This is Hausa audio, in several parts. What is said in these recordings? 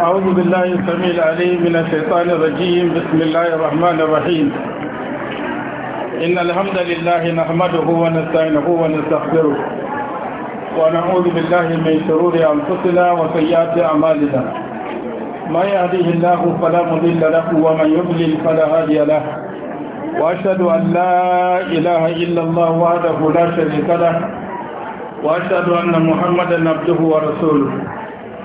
أعوذ بالله السميع العليم من الشيطان الرجيم بسم الله الرحمن الرحيم إن الحمد لله نحمده ونستعينه ونستغفره ونعوذ بالله من شرور أنفسنا وسيئات أعمالنا ما يهديه الله فلا مضل له ومن يضلل فلا هادي له وأشهد أن لا إله إلا الله وحده لا شريك له وأشهد أن محمدا عبده ورسوله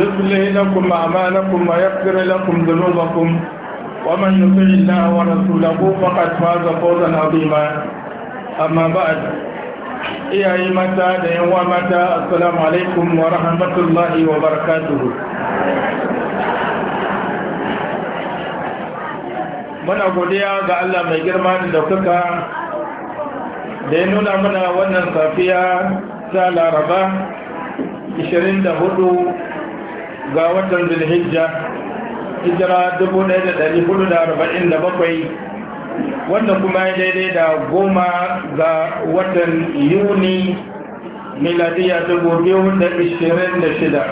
يصلح لكم أعمالكم ويغفر لكم ذنوبكم ومن يطع الله ورسوله فقد فاز فوزا عظيما أما بعد iyaye mata da yawa mata assalamu alaikum wa rahmatullahi wa barakatuhu muna godiya ga Allah mai girma da daukaka da ya nuna mana wannan safiya ta laraba 24 ga watan zulhijja hijira dubu ɗaya da da da hudu arba'in bakwai wanda kuma ya daidai da goma ga watan yuni miladiya shida.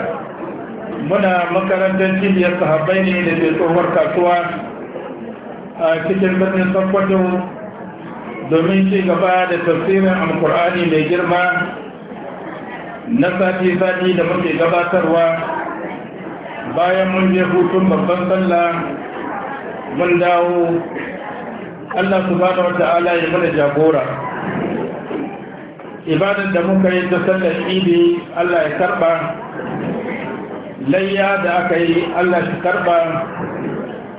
muna makarantar cibiyar sahabai ne da ke tsohuwar kasuwa a cikin birnin sakwato domin ci gaba da tafsirin alkur'ani mai girma na sati-sati da muke gabatarwa bayan mun je hutun babban sallah mun dawo Allah subhanahu wata'ala ya mana jagora ibadan da muka yi ta sallar idi Allah ya karba layya da aka yi Allah shi karba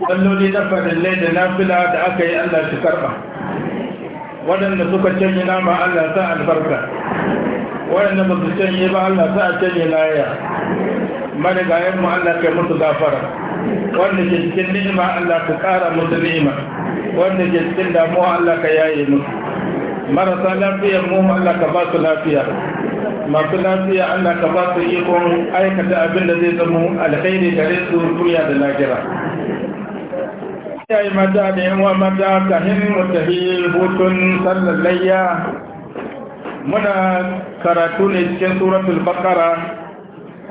salloli na farillai da nafila da aka yi Allah shi karba waɗanda suka canye nama Allah sa albarka waɗanda ba su canye ba Allah sa a canye laya marigayen mu Allah kai mutu gafara wanda ke cikin ni'ima Allah ka ƙara mutu ni'ima wanda ke cikin damuwa Allah ka yaye musu marasa lafiya mu Allah ka ba su lafiya masu lafiya Allah ka ba su ikon aikata abin da zai zama alkhairi gare su duniya da lahira yayi mata da yan wa mata ka hin mutahil hutun sallallayya muna karatu ne cikin suratul baqara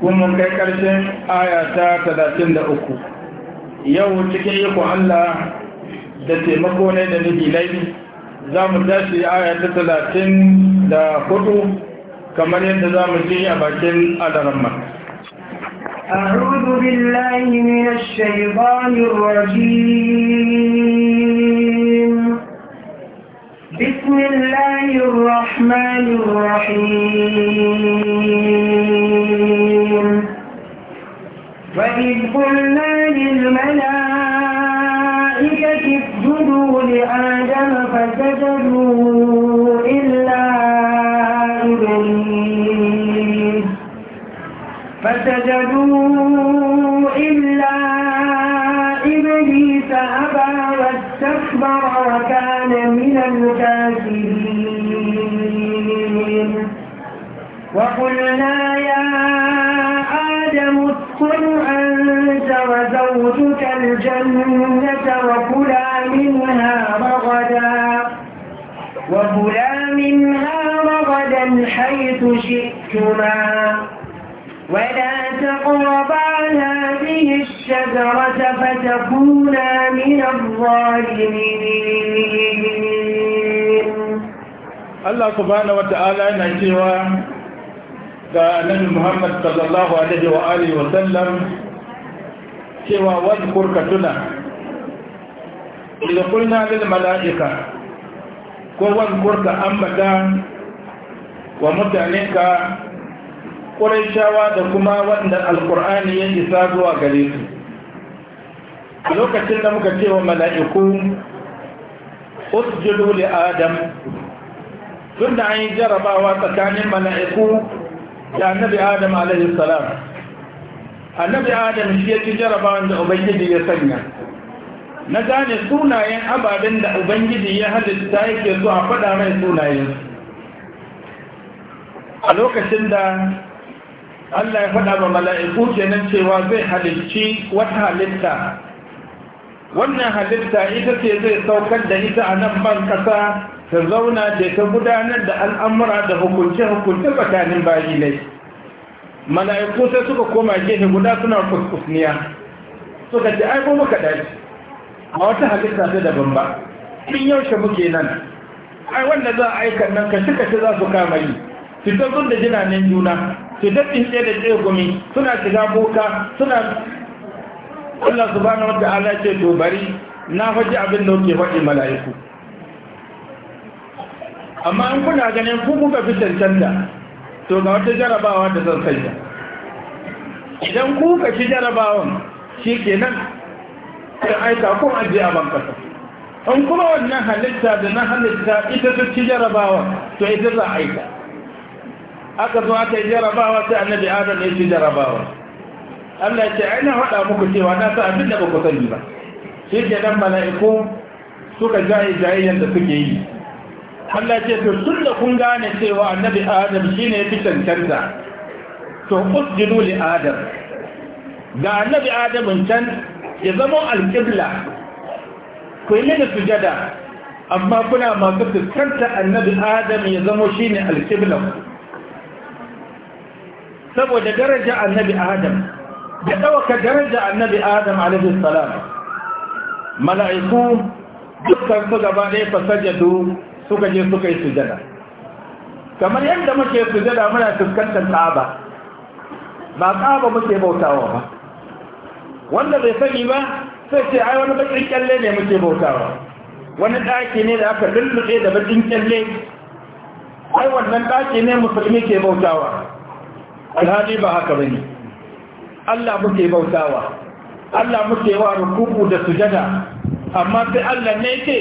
kun mun kai ƙarshen ayata talatin da uku yau cikin ikon Allah da taimako ne da nufi laifi za mu tashi aya ta talatin da hudu kamar yadda za mu ji a bakin adaramma أعوذ بالله من الشيطان الرجيم بسم الله الرحمن الرحيم وإذ قلنا للملائكة اسجدوا لآدم فسجدوا إلا إبليس فسجدوا من الكافرين وقلنا يا آدم اسكن أنت وزوجك الجنة وكلا منها رغدا وكلا منها رغدا حيث شئتما ولا تقربا هذه الشجرة فتكونا من الظالمين Allah subhanahu wata'ala yana cewa ga annabi Muhammad sallallahu alaihi wa alihi wa sallam cewa wadhkur kurka tuna idan kulna lil mala'ika ko wadhkur kurka ambata wa mutanenka ƙuraishawa da kuma wanda alƙur'ani ya isa zuwa gare su lokacin da muka ce wa mala'iku usjudu li adam tun da an yi jarabawa tsakanin mala'iku da annabi adam alaihi salam annabi adam shi ya ci jarabawan da ubangiji ya sanya na gane sunayen ababen da ubangiji ya halitta yake so a faɗa mai sunayen a lokacin da allah ya faɗa ba mala'iku kenan cewa zai halicci wata halitta wannan halitta ita ce zai saukar da ita a nan ban ƙasa ta zauna ce ta gudanar da al'amura da hukunce-hukunce tsakanin bayi ne mala'iku sai suka koma gefe guda suna kuskusniya suka ce aiko muka daji a wata halitta ta daban ba in yaushe muke nan ai wanda za a aikan nan kashi shi za su kama yi Su fitattun da nan juna su daɗin ɗaya da ɗaya gumi suna shiga boka suna Allah subhanahu wa ta'ala ce to bari na faɗi abin da wuke faɗi mala'iku amma in kuna ganin ku kuka fi cancanta to ga wata jarabawa da zan sanya idan ku ka ci jarabawan shi kenan ta aika kun aje a bankasa in kuma wannan halitta da na halitta ita ta ci jarabawa to ita za aika aka zo aka yi jarabawa sai annabi adam ya ci jarabawa Allah ya ce ai na muku cewa na sa abin da ba ku sani ba shi kenan mala'iku suka jaye jayayen da suke yi Allah ce to tun da kun gane cewa annabi Adam shine ya fi cancanta to usjudu li Adam ga annabi Adam can ya zama alƙibla ku yi su sujada amma kuna masu fuskanta annabi Adam ya zama shine alƙibla saboda daraja annabi Adam da ɗauka daraja annabi Adam alaihi salam mala'iku dukkan su gaba ɗaya fasajadu suka je suka yi sujada kamar yadda muke sujada muna fuskantar tsaba ba tsaba muke bautawa ba wanda bai sani ba sai ce ai wani bakin kyalle ne muke bautawa wani ɗaki ne da aka lullube da bakin kyalle ai wannan ɗaki ne musulmi ke bautawa alhali ba haka bane Allah muke bautawa Allah muke wa rukuku da sujada amma sai Allah ne ke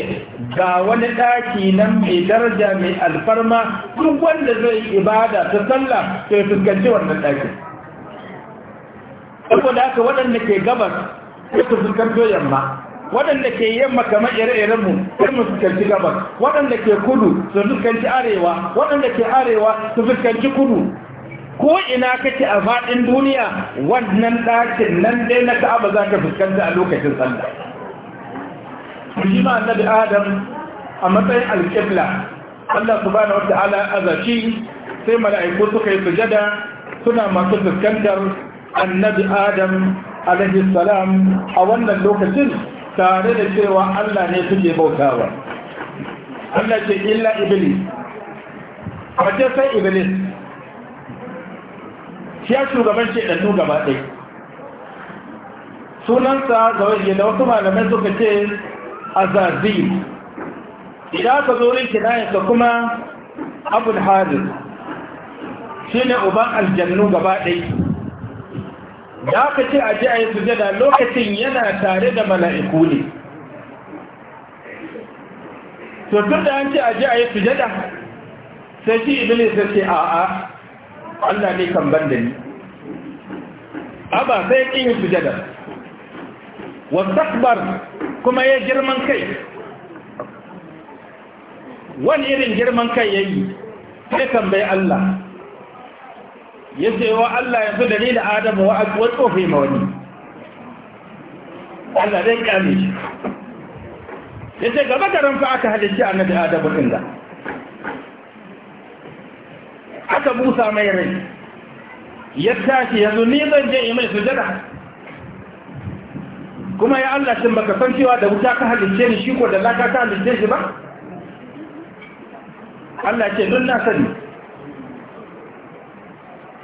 ga wani ɗaki nan mai daraja mai alfarma duk wanda zai ibada ta sallah to ya fuskanci wannan ɗaki saboda haka waɗanda ke gabas ya su fuskanto yamma waɗanda ke yamma kamar ire-irenmu sai mu fuskanci gabas waɗanda ke kudu su fuskanci arewa waɗanda ke arewa su fuskanci kudu ko ina kake a faɗin duniya wannan ɗakin nan dai na ka'aba za ka fuskanta a lokacin sallah ku ma annabi adam a matsayin alƙibla Allah subhanahu wa azaci sai mala'iku suka yi sujada suna masu fuskantar annabi adam alaihi salam a wannan lokacin tare da cewa Allah ne suke bautawa Allah ce illa iblis wace sai iblis shi ya shugaban shaidannu gaba ɗaya sunansa zaune da wasu malamai suka ce azazi idan ka zo rin kinayensa kuma abul hadis shi ne uban aljannu gaba ɗai da ka ce a ji a yi sujada lokacin yana tare da mala'iku ne to tun da an ce a ji a yi sujada sai shi iblis sai ce a'a Allah ne kan ban da ni aba sai kin yi sujada takbar. kuma ya girman kai wani irin girman kai ya yi sai tambayi Allah ya ce wa Allah yanzu da ni da Adamu wa akwai tsofe ma wani Allah zai kame shi ya ce gaba garin fa aka halitta annabi Adamu ɗin da aka busa mai rai ya tashi yanzu ni zan je yi mai sujada kuma ya Allah shin baka san cewa da wuta ka halicce ni shi ko da laka ka halicce shi ba Allah ce don na sani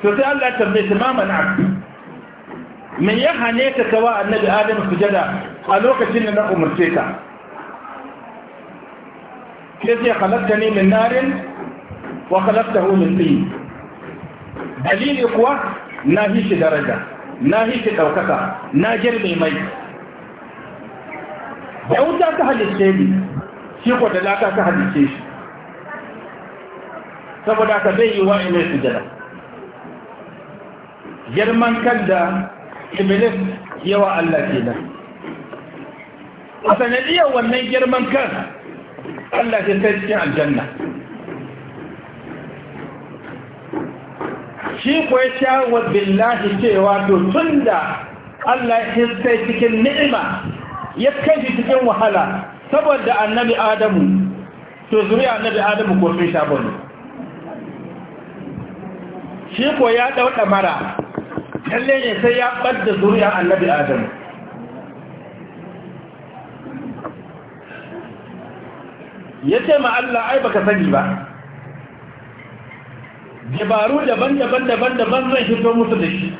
to sai Allah tambaye shi ma mana me ya hane ka kawa annabi Adam sujada a lokacin da na umarce ka sai khalaqta ni min narin wa khalaqtahu min tin dalili kuwa na hishi daraja na hishi daukaka na girbe mai da ta ka halice ni shi ko da laka ta halice shi saboda ka zai yi wa ilai sujada girman kan da iblis yawa Allah kenan a sanadiyar wannan girman kan Allah ke kai cikin aljanna shi kuwa sha wa billahi cewa to tun da Allah ya kai cikin ni'ima ya kai shi cikin wahala saboda annabi adamu to zuriya annabi adamu ko sun sha bane shi ko ya dauɗa mara lalle ne sai ya ɓadda zuriya annabi adamu ya ce ma Allah ai baka sani ba dabaru daban-daban daban-daban zan fito musu da shi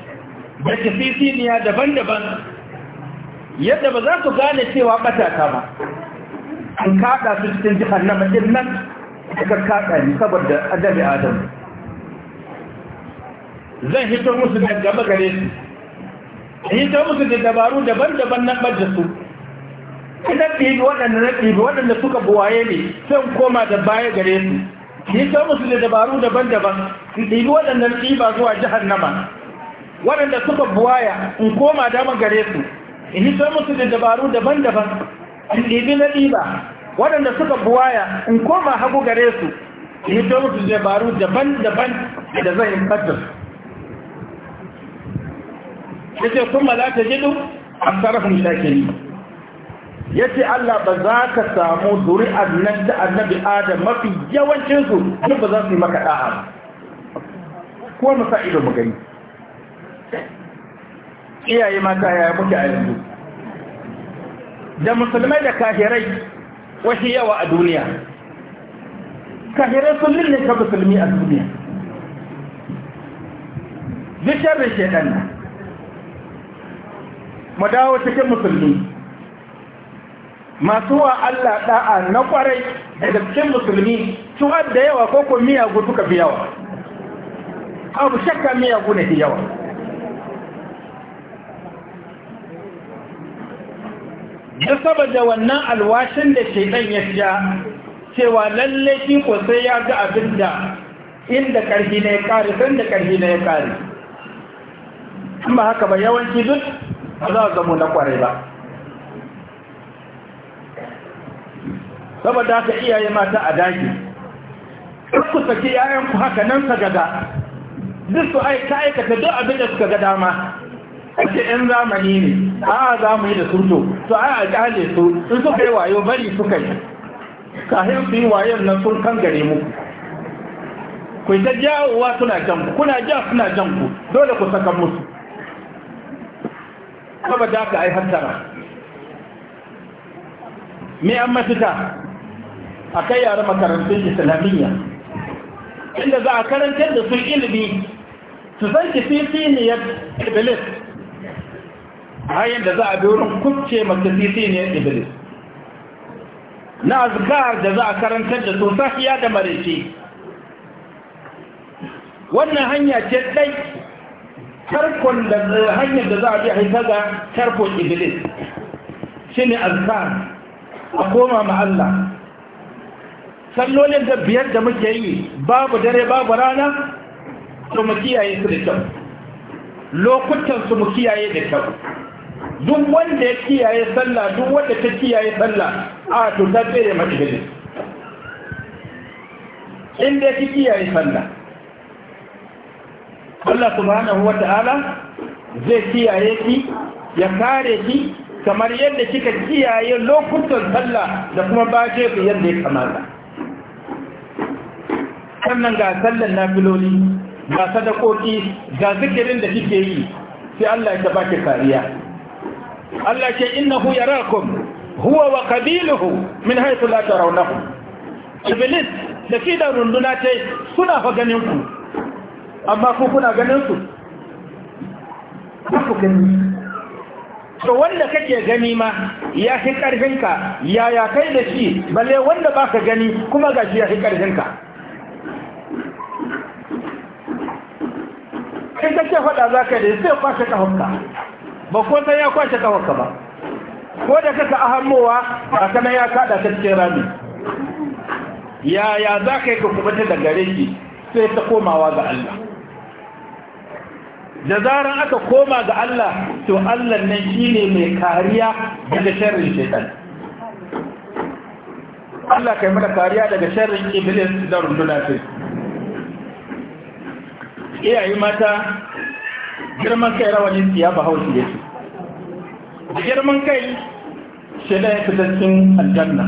da kafisiniya daban-daban yadda ba za su gane cewa ɓatata ba an kaɗa su cikin na ɗin nan suka kaɗa ni saboda adabi adam zan hito musu da gaba gare su hito musu da dabaru daban-daban na da su Ina ɗibi waɗanda na ɗibi waɗanda suka buwaye ne sun koma da baya gare su hito musu da dabaru daban-daban ɗibi waɗanda na ɗiba zuwa nama. waɗanda suka buwaya in koma dama gare su in hito musu da dabaru daban-daban in ɗibi na ɗiba waɗanda suka buwaya in koma hagu gare su in hito musu da dabaru daban-daban da zai in fatar ya ce kuma za ta jidu a sarrafin shakiri ya ce Allah ba za ka samu zuri'ar nan da annabi adam mafi yawancinsu duk ba za su yi maka ɗa'a ko mu sa ido mu gani iyaye mata yaya kuke a yanzu da musulmai da kahirai wasu yawa a duniya kahirai sun lulle ka musulmi a duniya bishar da shaidan nan mu dawo cikin musulmi masu wa Allah ɗa'a na ƙwarai daga cikin musulmi tuwa da yawa ko ko miyagu suka fi yawa abu shakka miyagu na fi yawa da saboda wannan alwashin da shaidan ya fiya cewa lalle shi ko sai ya ga abin da inda ƙarfi na ya ƙare san da ƙarfi na ya ƙare amma haka ba yawanci duk ba za a zamo na ƙware ba saboda haka iyaye mata a daji ku saki 'ya'yanku haka nan sagada duk su aika aikata duk abin da suka ga dama ake yan zamani ne a zamani da surto to a a kyale su in suka yi wayo bari suka yi Ka su yi wayon nan sun kan gare mu ku ta jawowa suna jan ku kuna ja suna jan ku dole ku saka musu kuma da ka ai hattara me an mafita a kai yara makarantun islamiyya inda za a karantar da su ilimi su san kififiyar iblis bayan da za a bi wurin kubce matasisi ne iblis na azkar da za a karantar da su safiya da marece wannan hanya ce dai tarkon da eh, hanyar da za a bi haifar da tarkon iblis shi ne azkar a koma ma Allah sallolin da biyar da muke yi babu dare babu rana to mu kiyaye su da kyau lokutan su mu kiyaye da kyau duk wanda ya kiyaye sallah duk wanda ta kiyaye sallah a to ta tsere mata hijir in ya ki kiyaye sallah Allah subhanahu wa ta'ala zai kiyaye ki ya kare ki kamar yadda kika kiyaye lokutan sallah da kuma baje ku yadda ya kamata sannan ga sallan nafiloli ga sadakoki ga zikirin da kike yi sai Allah ya baki kariya Allah ce innahu yarakum huwa wa qabiluhu min haythu la tarawnahu iblis da shi da runduna ce suna fa ganin ku amma ku kuna ganin su ku gani to wanda kake gani ma ya fi karfinka ya kai da shi balle wanda baka gani kuma gashi ya fi karfinka in kake faɗa za ka da sai kwashe hukka. ba ko san ya kwace kawarka ba ko da kaka a hannuwa a kana ya kada ta cikin rami yaya za ka yi ka kuma da gare shi sai ta komawa ga Allah da zaran aka koma ga Allah to Allah nan ne mai kariya daga sharrin shaitan Allah kai mata kariya daga sharrin iblis da rundunar fes? iyaye mata girman kai rawanin siya ba haushi ya ce girman kai shi da ya fita cikin aljanna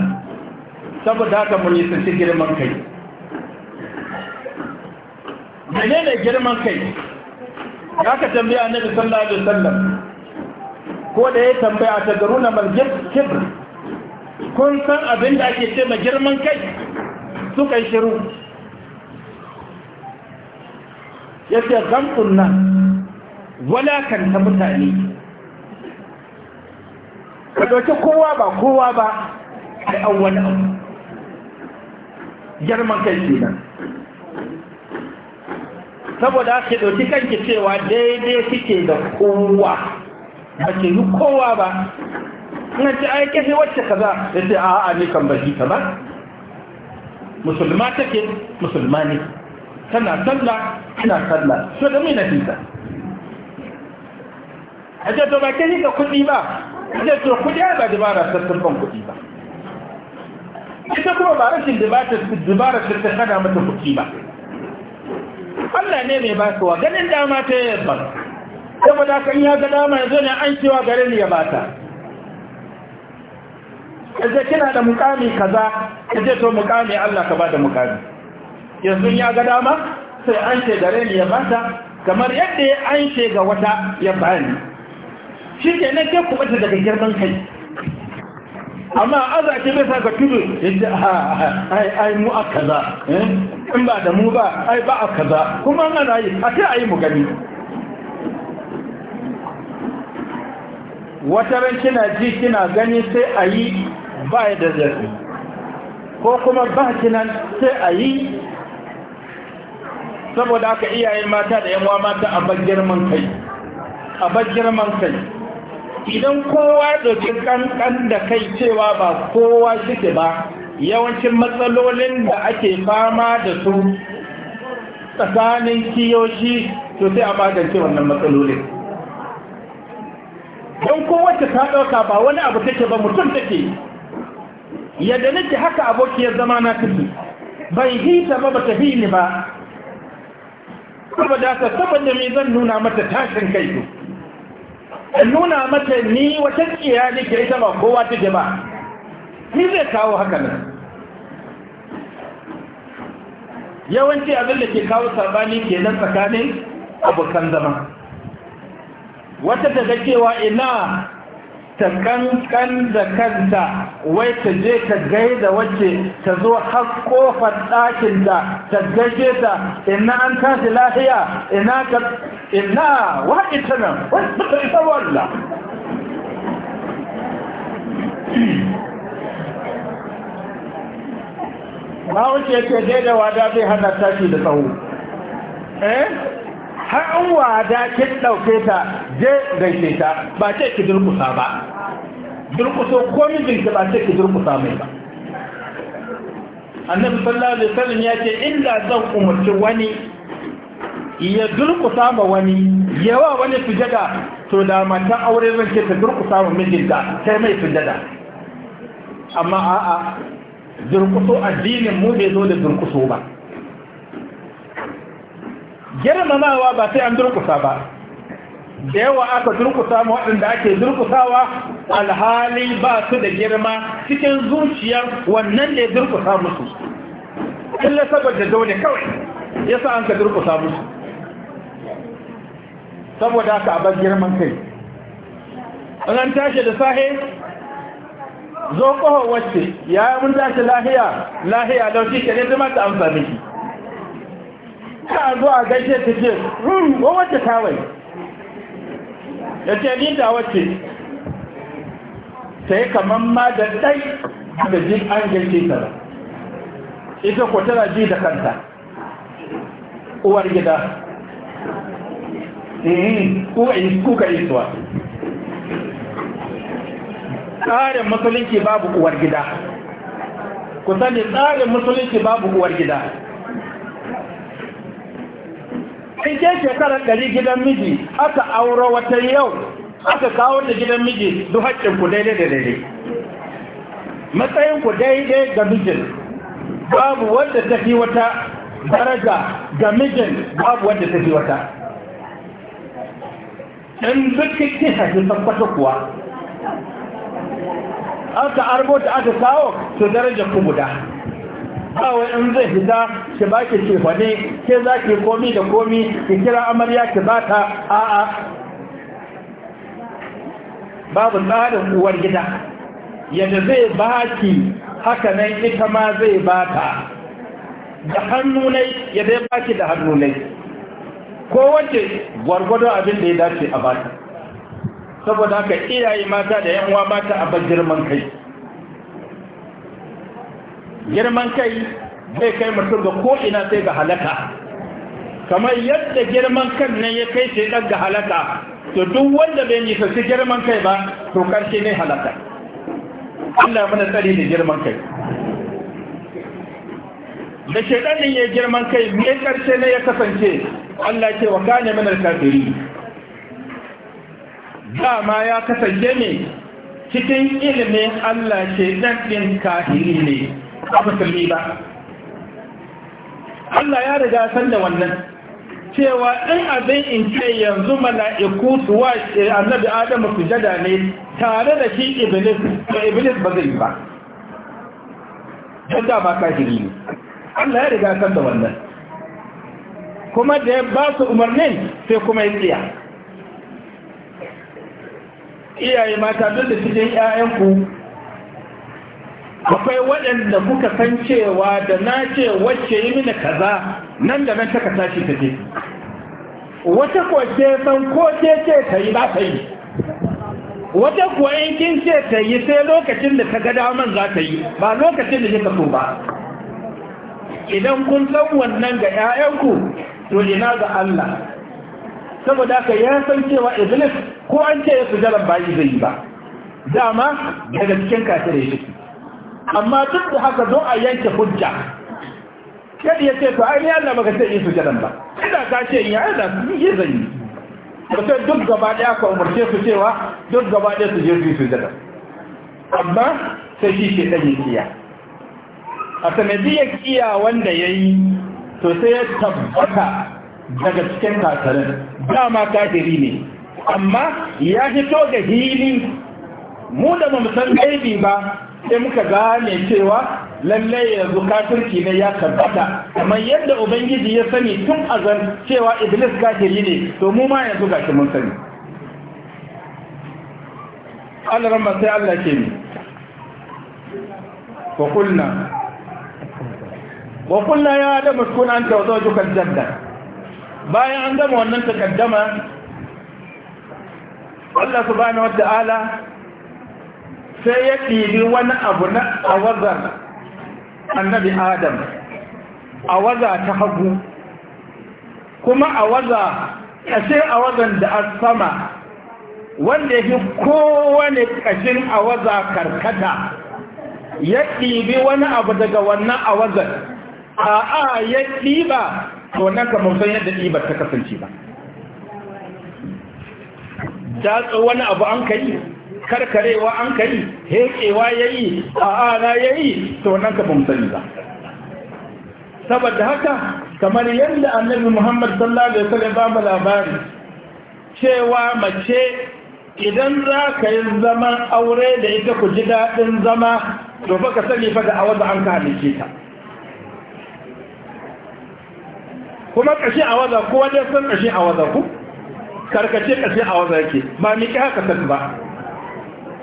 saboda haka mun yi sassi girman kai menene girman kai ya ka tambaya na bisan alaihi sallar ko da ya tambaya ta na mal kibir kun san abin da ake ce ma girman kai suka yi shiru yace gamtun nan walakanta mutane ka ɗauki kowa ba kowa ba da an wani abu girman kai kenan saboda ake ɗauki kanki cewa daidai suke da kowa ba ke yi kowa ba ina ce ai kashe wacce kaza ya ce a'a ne kan baki ka ba musulma take musulma ne tana sallah tana sallah so da mai nafisa a ce ba ke nika kuɗi ba a ce to kuɗi ba dubara sassarfan kuɗi ba ita kuma ba rashin dubara ta hana mata kuɗi ba Allah ne mai wa ganin dama ta yi yabba saboda kan ya ga dama ya zo ne an cewa garin ya bata kaje kina da mukami kaza kaje to mukami Allah ka bada mukami yanzu ya ga dama sai an ce gare ni ya bata kamar yadda an ce ga wata ya bani shi ke nan ke kuma daga girman kai amma aza ke bisa ga tudu yadda ai ai mu a kaza eh? in ba da mu ba ai ba a kaza kuma ana yi a a ayi mu gani wata ran kina ji kina gani sai a yi ba da zafi ko kuma ba kinan sai a yi saboda aka iyayen mata da yan mata a bar girman kai a bar girman kai idan kowa da kankan da kai cewa ba kowa shike ba yawancin matsalolin da ake fama da su tsakanin kiyoshi to sai a magance wannan matsalolin don kowace ta ɗauka ba wani abu take ba mutum take yadda nake haka abokiyar zama na take bai hita ba ba ta ni ba saboda ta saboda me zan nuna mata tashin kai in nuna mata ni wata tsiya ke ita ba kowa take ba ni zai kawo haka nan yawanci abin da ke kawo sabani ke nan tsakanin abokan zama wata ta cewa ina ta kankan da kanta wai ta je ta gaida wacce ta zo har kofar ɗakin ta ta gaje ta ina an tashi lahiya ina ka ina wa ita nan wai ta isa wallah ba wuce ce daidawa da bai hana tashi da tsawo eh har an wada kin ɗauke ta je gaishe ta ba ce ki durkusa ba durkuso ko mijinki ba ce ki durkusa mai ba annabi sallallahu alaihi wasallam ya ce inda zan umarci wani ya durkusa ma wani yawa wani sujada to da mata aure zan ce ta durkusa ma mijinta sai mai sujada amma a'a durkuso addinin mu bai zo da durkuso ba girmamawa ba sai an durkusa ba da yawa aka durkusa ma waɗanda ake durkusawa alhali ba su da girma cikin zuciyar wannan ne durkusa musu illa saboda dole kawai ya sa an ka durkusa musu saboda aka abar girman kai an tashi da sahe zo kohon wacce ya mun tashi lahiya lahiya lauci ke ne zama ta amsa miki ka zo a gaishe ta ce hmm ko wacce kawai ya ce ni da wacce sai kamar ma da ɗai da ji an gaishe ta ita ko tana ji da kanta uwar gida eh, kuka isuwa tsarin musulunci babu uwar gida ku sani tsarin musulunci babu uwar gida in ke shekarar ɗari gidan miji aka aura wata yau aka kawo da gidan miji duk haƙƙin ku daidai da daidai matsayin ku daidai ga mijin babu wadda ta fi wata daraja ga mijin babu wadda ta fi wata in duk kiki haƙi tabbata kuwa aka arbo da aka kawo su daraja ku guda ba in zai fita ki ba ki ce ke za ki komi da komi ki kira amarya ki ba ta a'a babu tsarin uwar gida yadda zai ba ki haka nan ita ma zai ba ta da hannu yadda ya ba ki da hannunai. ne ko wace gwargwado abin da ya dace a ba ta saboda haka iyaye mata da yan uwa mata a bar girman kai girman kai zai kai mutum ga ko'ina sai ga halaka kamar yadda girman kan nan ya kai sai ɗan ga halaka to duk wanda bai nisanci girman kai ba to ƙarshe ne halaka Allah mana tsari da girman kai da shaidanin ya girman kai mai ƙarshe ne ya kasance Allah ce wa gane manar kafiri dama ya kasance ne cikin ilimin Allah shaidan ɗin kafiri ne musulmi ba Allah ya riga san da wannan cewa in abin in ce yanzu mala'iku su wa eh, annabi Adamu su jada ne tare da shi Iblis to Iblis ba zai ba jada ba kafiri ne Allah ya riga san da wannan kuma da ya ba su umarnin sai kuma ya tsiya iyaye mata duk da cikin 'ya'yanku akwai waɗanda kuka san cewa da na ce wacce yi mini kaza nan da nan taka tashi ta je wata kuwa ce san ko ce ce ta yi ba ta yi wata kuwa in kin ce ta yi sai lokacin da ta ga daman za ta yi ba lokacin da kika so ba idan kun san wannan ga 'ya'yanku to ina ga Allah saboda haka ya san cewa iblis ko an ce ya sujaran bayi zai yi ba dama daga cikin kafirai shi amma duk da haka don a yanke hujja kada ya ce to ai ni Allah baka ce su sujadan ba ina ka ce in ya Allah ni yi zan yi ba sai duk gaba daya ka umarce su cewa duk gaba daya su je su yi su jaran. amma sai shi ke dan kiya a sanadiyar kiya wanda yayi to sai ya tabbata daga cikin kasarin dama kafiri ne amma ya fito ga hili mu da mu san gaibi ba sai muka gane cewa lallai yanzu kafirci ne ya tabbata amma yadda ubangiji ya sani tun azan cewa iblis gajiri ne to mu ma yanzu gashi mun sani Allah ramma sai Allah ke ni wa kulna wa kulna ya adam uskun anta wa zawjuka aljanna bayan an gama wannan takaddama Allah subhanahu wa ta'ala sai ya ɗibi wani abu na awazar annabi adam awaza ta hagu kuma awaza a awazan da an sama wanda ya fi kowane ƙashin awaza karkata ya ɗibi wani abu daga wannan awazar a'a ya ɗiba to nan kamar san yadda ɗibar ta kasance ba ta wani abu an kai karkarewa an ya hekewa yayi ya yi to nan ka bamu ba saboda haka kamar yadda annabi Muhammad sallallahu alaihi wasallam ba mu labari cewa mace idan za ka yi zaman aure da ita ku ji daɗin zama to ka sani fa da awaza an ka halice ta kuma ƙashin awaza ko wajen san ƙashin awaza ku karkace ƙashin awaza yake ba ni miƙa haka ba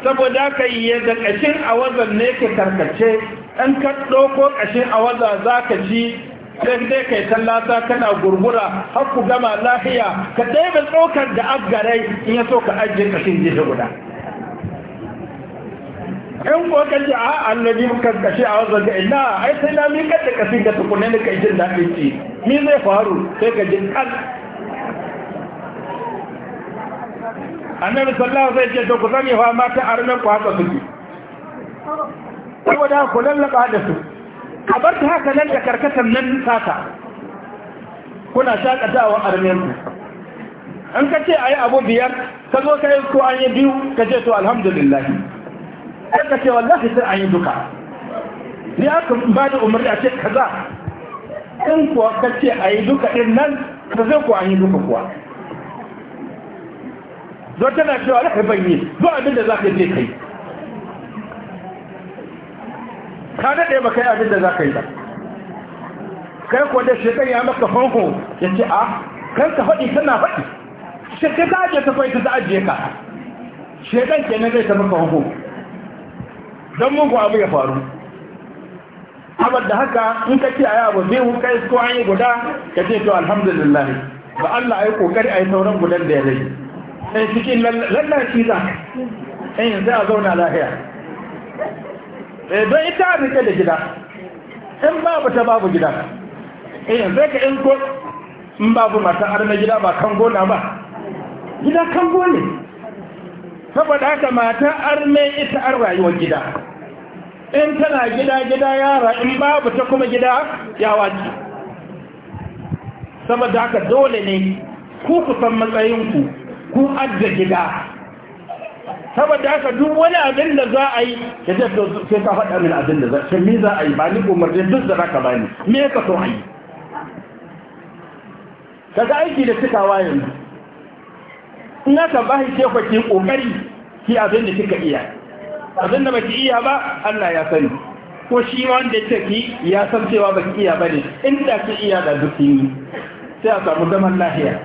saboda ka yi da ƙashin a wazan ne ke karkace ɗan ka ko ƙashin a waza za ka ci sai dai kai tallata kana gurgura har ku gama lafiya ka ɗaya tsokar da abgarai in ya so ka ajiye ƙashin da guda in ko ka ji a annabi a wanzan da ina ai sai na miƙar da ga kai jin ci ni zai faru sai ka ji kan annabi sallallahu alaihi wasallam ce ku sani fa mata arnan ku haka suke saboda ku lallaka da su a ta haka nan da karkatan nan sata kuna shakatawa arnan ku an kace ayi abu biyar ka zo kai ko an yi biyu ka ce to alhamdulillah sai ka ce wallahi sai an yi duka ni aka ba da umarni a ce kaza in kuwa ka ce a yi duka ɗin nan ka zai kuwa an yi duka kuwa don tana cewa da ban zuwa abinda abin da za ka je kai ka daɗe ba kai abin da za ka yi ba kai kuwa da shekai ya maka fanko ya ce a ah, kan ka faɗi tana faɗi shekai ta ajiye ta faɗi ta ajiye ka shekai ke na zai ta maka hukun don mun ku abu ya faru abar da haka in ka ce a yi abu biyu kai ko an yi guda ka ce to alhamdulillah ba Allah ya yi kokari a yi sauran gudan da ya rage ɗan cikin lallashi za ka ɗan za a zauna lahiya eh, don ita a rike da gida in babu ta babu gida in eh, yanzu ka in ko in babu mata arna gida ba kan gona ba gida kan gona saboda haka mata arme ita an rayuwar gida in tana gida gida yara in babu ta kuma gida ya ce saboda haka dole ne ku kusan matsayinku ku adda gida saboda haka duk wani abin da za a yi ke sai ka faɗa min abin da za yi za a yi ba ni umarni duk da zaka bani me ka so a yi kaga aiki da suka cikawa yanzu in aka ba shi ke ki kokari ki abin da kika iya abin da baki iya ba Allah ya sani ko shi wanda yake ki ya san cewa baki iya ba ne inda ki iya da duk sai a samu zaman lafiya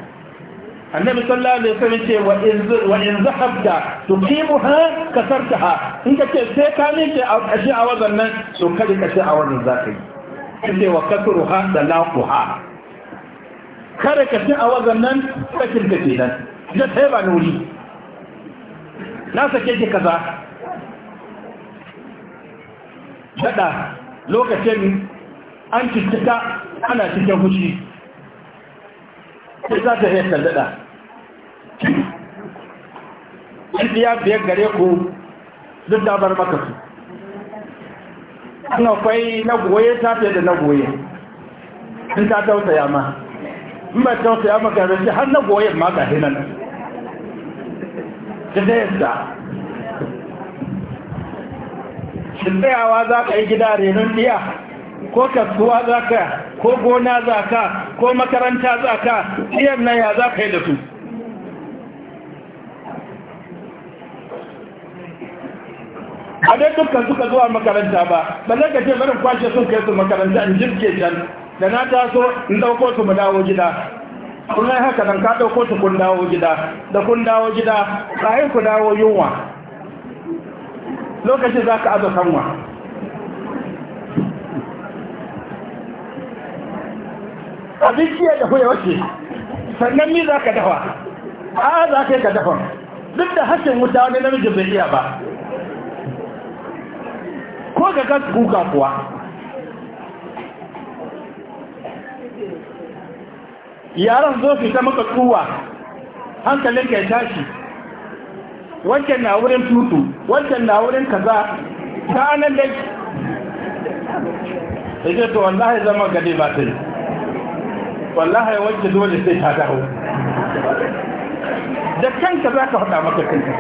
annabi sallallahu alaihi wasallam ce wa in wa in zahabta tuqimuha kasartaha in kace sai ka miƙe a shi a wazan nan to kada ka shi a wazan zaka yi sai wa kasruha da laquha kada ka shi a wazan nan sakin ka kenan da sai ba nuri na sake ki kaza dada lokacin an cikkita ana cikin fushi sai za ta iya sallada in diya biyar gare ku duk da bar maka su ana kwai na goye ta fiye da na goye in ta tausaya ma in ba tausaya ma ga zai har na goye ma ga hinan ta da yadda shin tsayawa za ka yi gida renon diya ko kasuwa za ka ko gona za ka ko makaranta za ka ɗiyar na ya za ka yi da su a dai dukkan suka zuwa makaranta ba ba zai ka ce barin kwashe sun kai su makaranta in jirke can da na taso in ɗauko su mu dawo gida kun ai haka nan ka ɗauko su kun dawo gida da kun dawo gida sai ku dawo yunwa Lokaci za ka aza kanwa abinci da dafa yawace sannan ni za ka dafa a za ka yi ka dafa duk da hasken wuta wani namiji bai iya ba ko ga kan kuka kuwa yaran zo fita maka kuwa hankalin ka ya tashi wancan na wurin tutu wancan na wurin kaza ta anan da ya ce to wallahi zama gade ba ta yi wallahi wancan dole sai ta dawo da kanka za ka faɗa maka kanka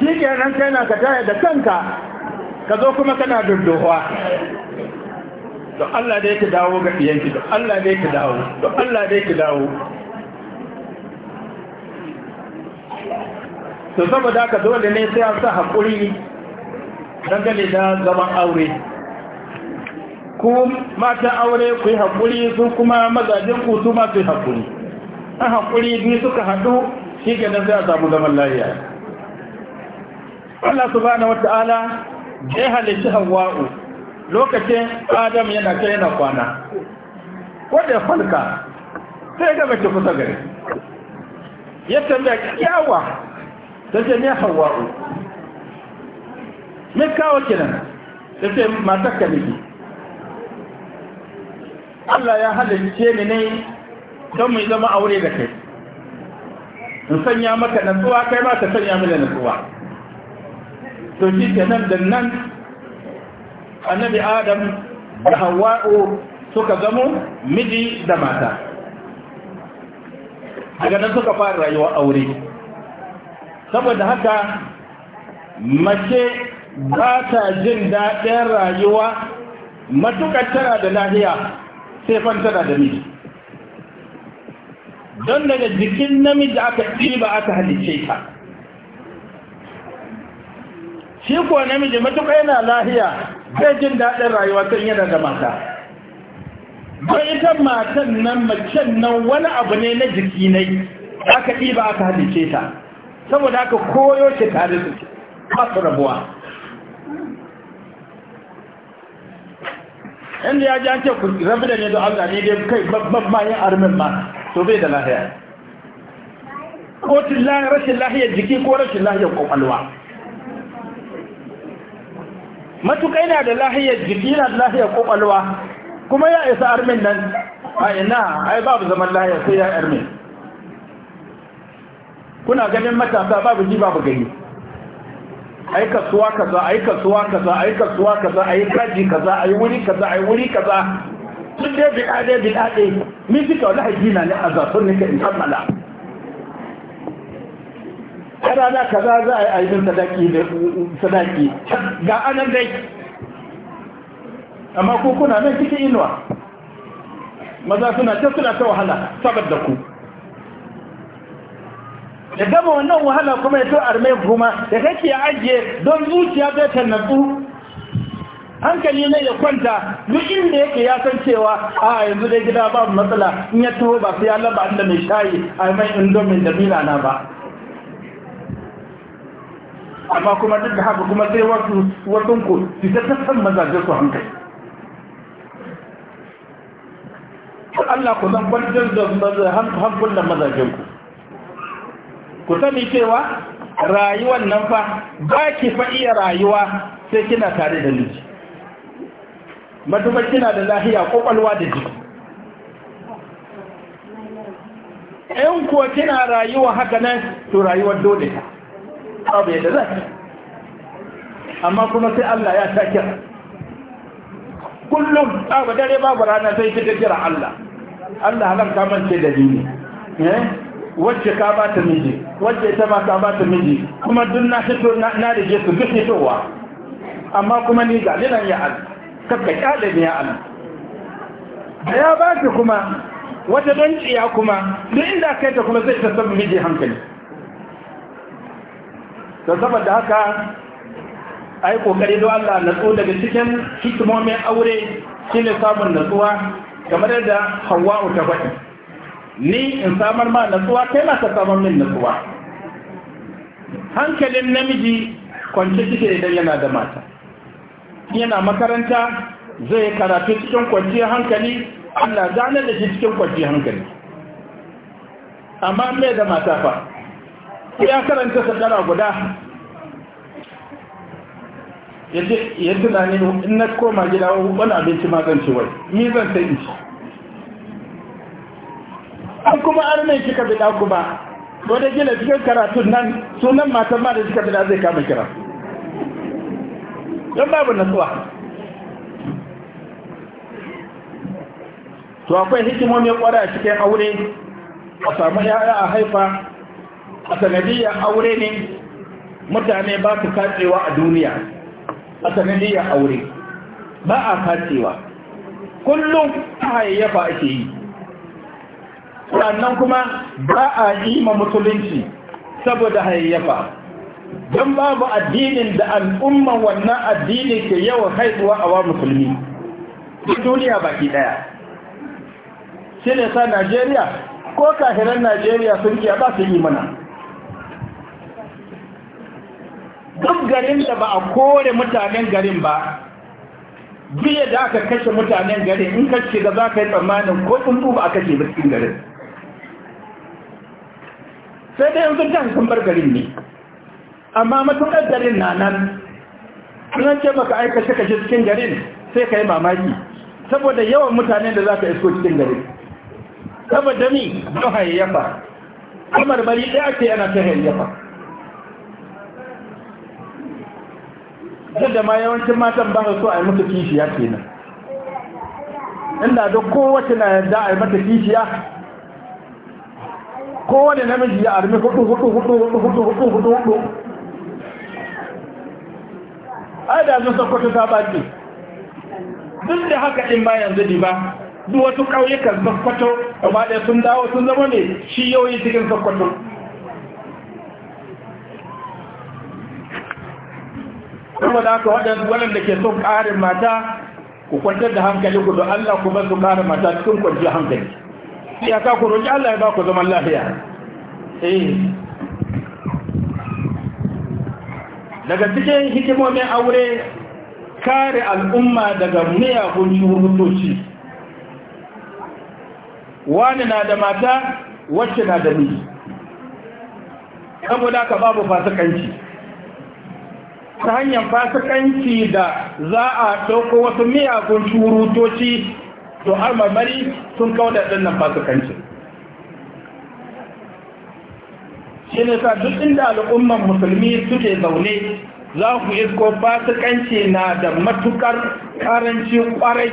shi ke nan kai na ka taya da kanka ka zo kuma kana dundowa don Allah dai ka dawo ga ɗiyanki don Allah dai ka dawo don Allah dai ka dawo to saboda ka dole ne sai an sa haƙuri dangane da zaman aure ku mata aure ku yi haƙuri su kuma mazajen ku su ma su yi haƙuri an haƙuri biyu suka haɗu shi ke nan sai a samu zaman lafiya Allah subhanahu wa ta'ala halitta Hawwa'u lokacin Adam yana kai yana kwana ko ya falka sai ga mace kusa gare ya tambaya kyawa ta ce ne hawa’u. me kawo kinan ta ce matar ka Allah ya halitta ni ne don mu zama aure da kai in sanya maka natsuwa kai ma ka sanya mini natsuwa to shi nan da nan annabi adam da hawa'u suka zamo miji da mata daga nan suka fara rayuwa aure saboda haka mace ba ta jin daɗin rayuwa matuƙar tana da lahiya sai fanta da miji don daga jikin namiji aka ɗiba aka halice ka shi kuwa namiji matuƙa yana lahiya zai jin daɗin rayuwa sun yana daga mata don ita matan nan macen nan wani abu ne na jiki ne aka ɗiba aka halice ta saboda aka koyo ce tare su masu rabuwa inda ya ji an ce ku rabu da ne don Allah ne dai kai babban mayan armin ma to bai da lahiya ko rashin lahiyar jiki ko rashin lahiyar kwakwalwa matuƙa na da lahiyar jiki yana da lahiyar kwakwalwa kuma ya isa armin nan a ina ai babu zaman lahiyar sai ya armin kuna ganin matasa babu ji babu gani aika kasuwa kaza aika kasuwa kaza aika kasuwa kaza ai kaji kaza ai wuri kaza ai wuri kaza duk dai bid'a dai bid'a dai ni fi wani lahaji na ne a zafin nika in kammala kada na kaza za a yi aibin sadaki da sadaki ga anan dai amma ko kuna nan cikin inuwa maza suna ta suna ta wahala saboda ku da gama wannan wahala kuma ya to armai kuma da kake ajiye don zuciya zai ta natsu hankali ne ya kwanta duk inda yake ya san cewa a yanzu dai gida babu matsala in ya taho ba sai ya laba inda mai shayi a mai indomin da mila na ba amma kuma duk da haka kuma sai wasu wasu ku su ta sassan mazaje su hankali Allah ku zan kwantar da hankulan mazajen ku ku sani cewa rayuwan nan fa ba ki fa iya rayuwa sai kina tare da miji matukar kina da lahiya kwakwalwa da jiki in kuwa kina rayuwa haka nan to rayuwar dole ta abu yadda za amma kuma sai Allah ya ta kira kullum abu dare babu rana sai ta kira Allah Allah halar mance da jini eh? wacce ka ba ta miji wacce ta ma ka ba ta miji kuma duk na fito na rige su duk fitowa amma kuma ni ga linan ya Allah kakka da ni ya da ya ba kuma wata don kuma duk inda kai ta kuma zai ta sabu miji hankali da saboda haka ai yi ƙoƙari don Allah natsu daga cikin hikimomin aure shine ne samun natsuwa kamar da hawa ta faɗi ni in samar ma natsuwa kai ma ta samar min natsuwa hankalin namiji kwance cike idan yana da mata yana makaranta zai karatu cikin kwanciyar hankali Allah zane da shi cikin kwanciyar hankali amma mai da mata fa ya karanta sadara guda ya tunanin in na koma gida wani abinci magance wai ni zan sai in ci an kuma arnai ka bi ɗaku ba wadda gina cikin karatun nan sunan matan ma da ka bi zai kama kira don babu nasuwa to akwai hikimomi kwada a cikin aure a samu ya'ya a haifa a sanadiyar aure ne mutane ba su katsewa a duniya a aure ba a katsewa kullum ta hayayyafa ake yi sannan kuma ba a yi ma musulunci saboda hayayyafa don babu addinin da al'umman wannan addini ke yawan haihuwa a wa musulmi duk duniya baki daya shi ne sa najeriya ko kahiran najeriya sun kiya ba su yi mana duk garin da ba a kore mutanen garin ba biya da aka kashe mutanen garin in ka shiga za ka yi tsammanin ko sun ba a kashe ba cikin garin sai dai yanzu jan sun bar garin ne amma matuƙar garin na nan an ce baka aika shi kashe cikin garin sai ka yi mamaki saboda yawan mutane da za ka isko cikin garin saboda ni don hayayyafa kamar bari ɗaya ce yana ta hayayyafa yadda ma yawancin matan ba so a yi mata kishiya kenan inda duk kowace na yadda a yi mata kishiya kowane namiji ya armi hudu hudu hudu hudu hudu hudu hudu ai da zan sakwato ta baki duk da haka in ba yanzu ne ba duk wasu ƙauyukan sakwato amma da sun dawo sun zama ne shi yoyi cikin sakwato kuma da aka waɗansu waɗanda ke son ƙarin mata ku kwantar da hankali ku don Allah ku bar su ƙarin mata cikin kwanciyar hankali sai ku roƙi Allah ya ba ku zaman lafiya eh daga cikin hikimomin aure kare al'umma daga miyagun shuhutoci wani na da mata wacce na da ni. saboda ka babu fasikanci ta hanyar fasikanci da za a ɗauko wasu miyagun shurutoci to har marmari sun kawo da ɗannan fasikancin shi ne sa duk inda al'umman musulmi suke zaune za ku isko fasikanci na da matukar karanci kwarai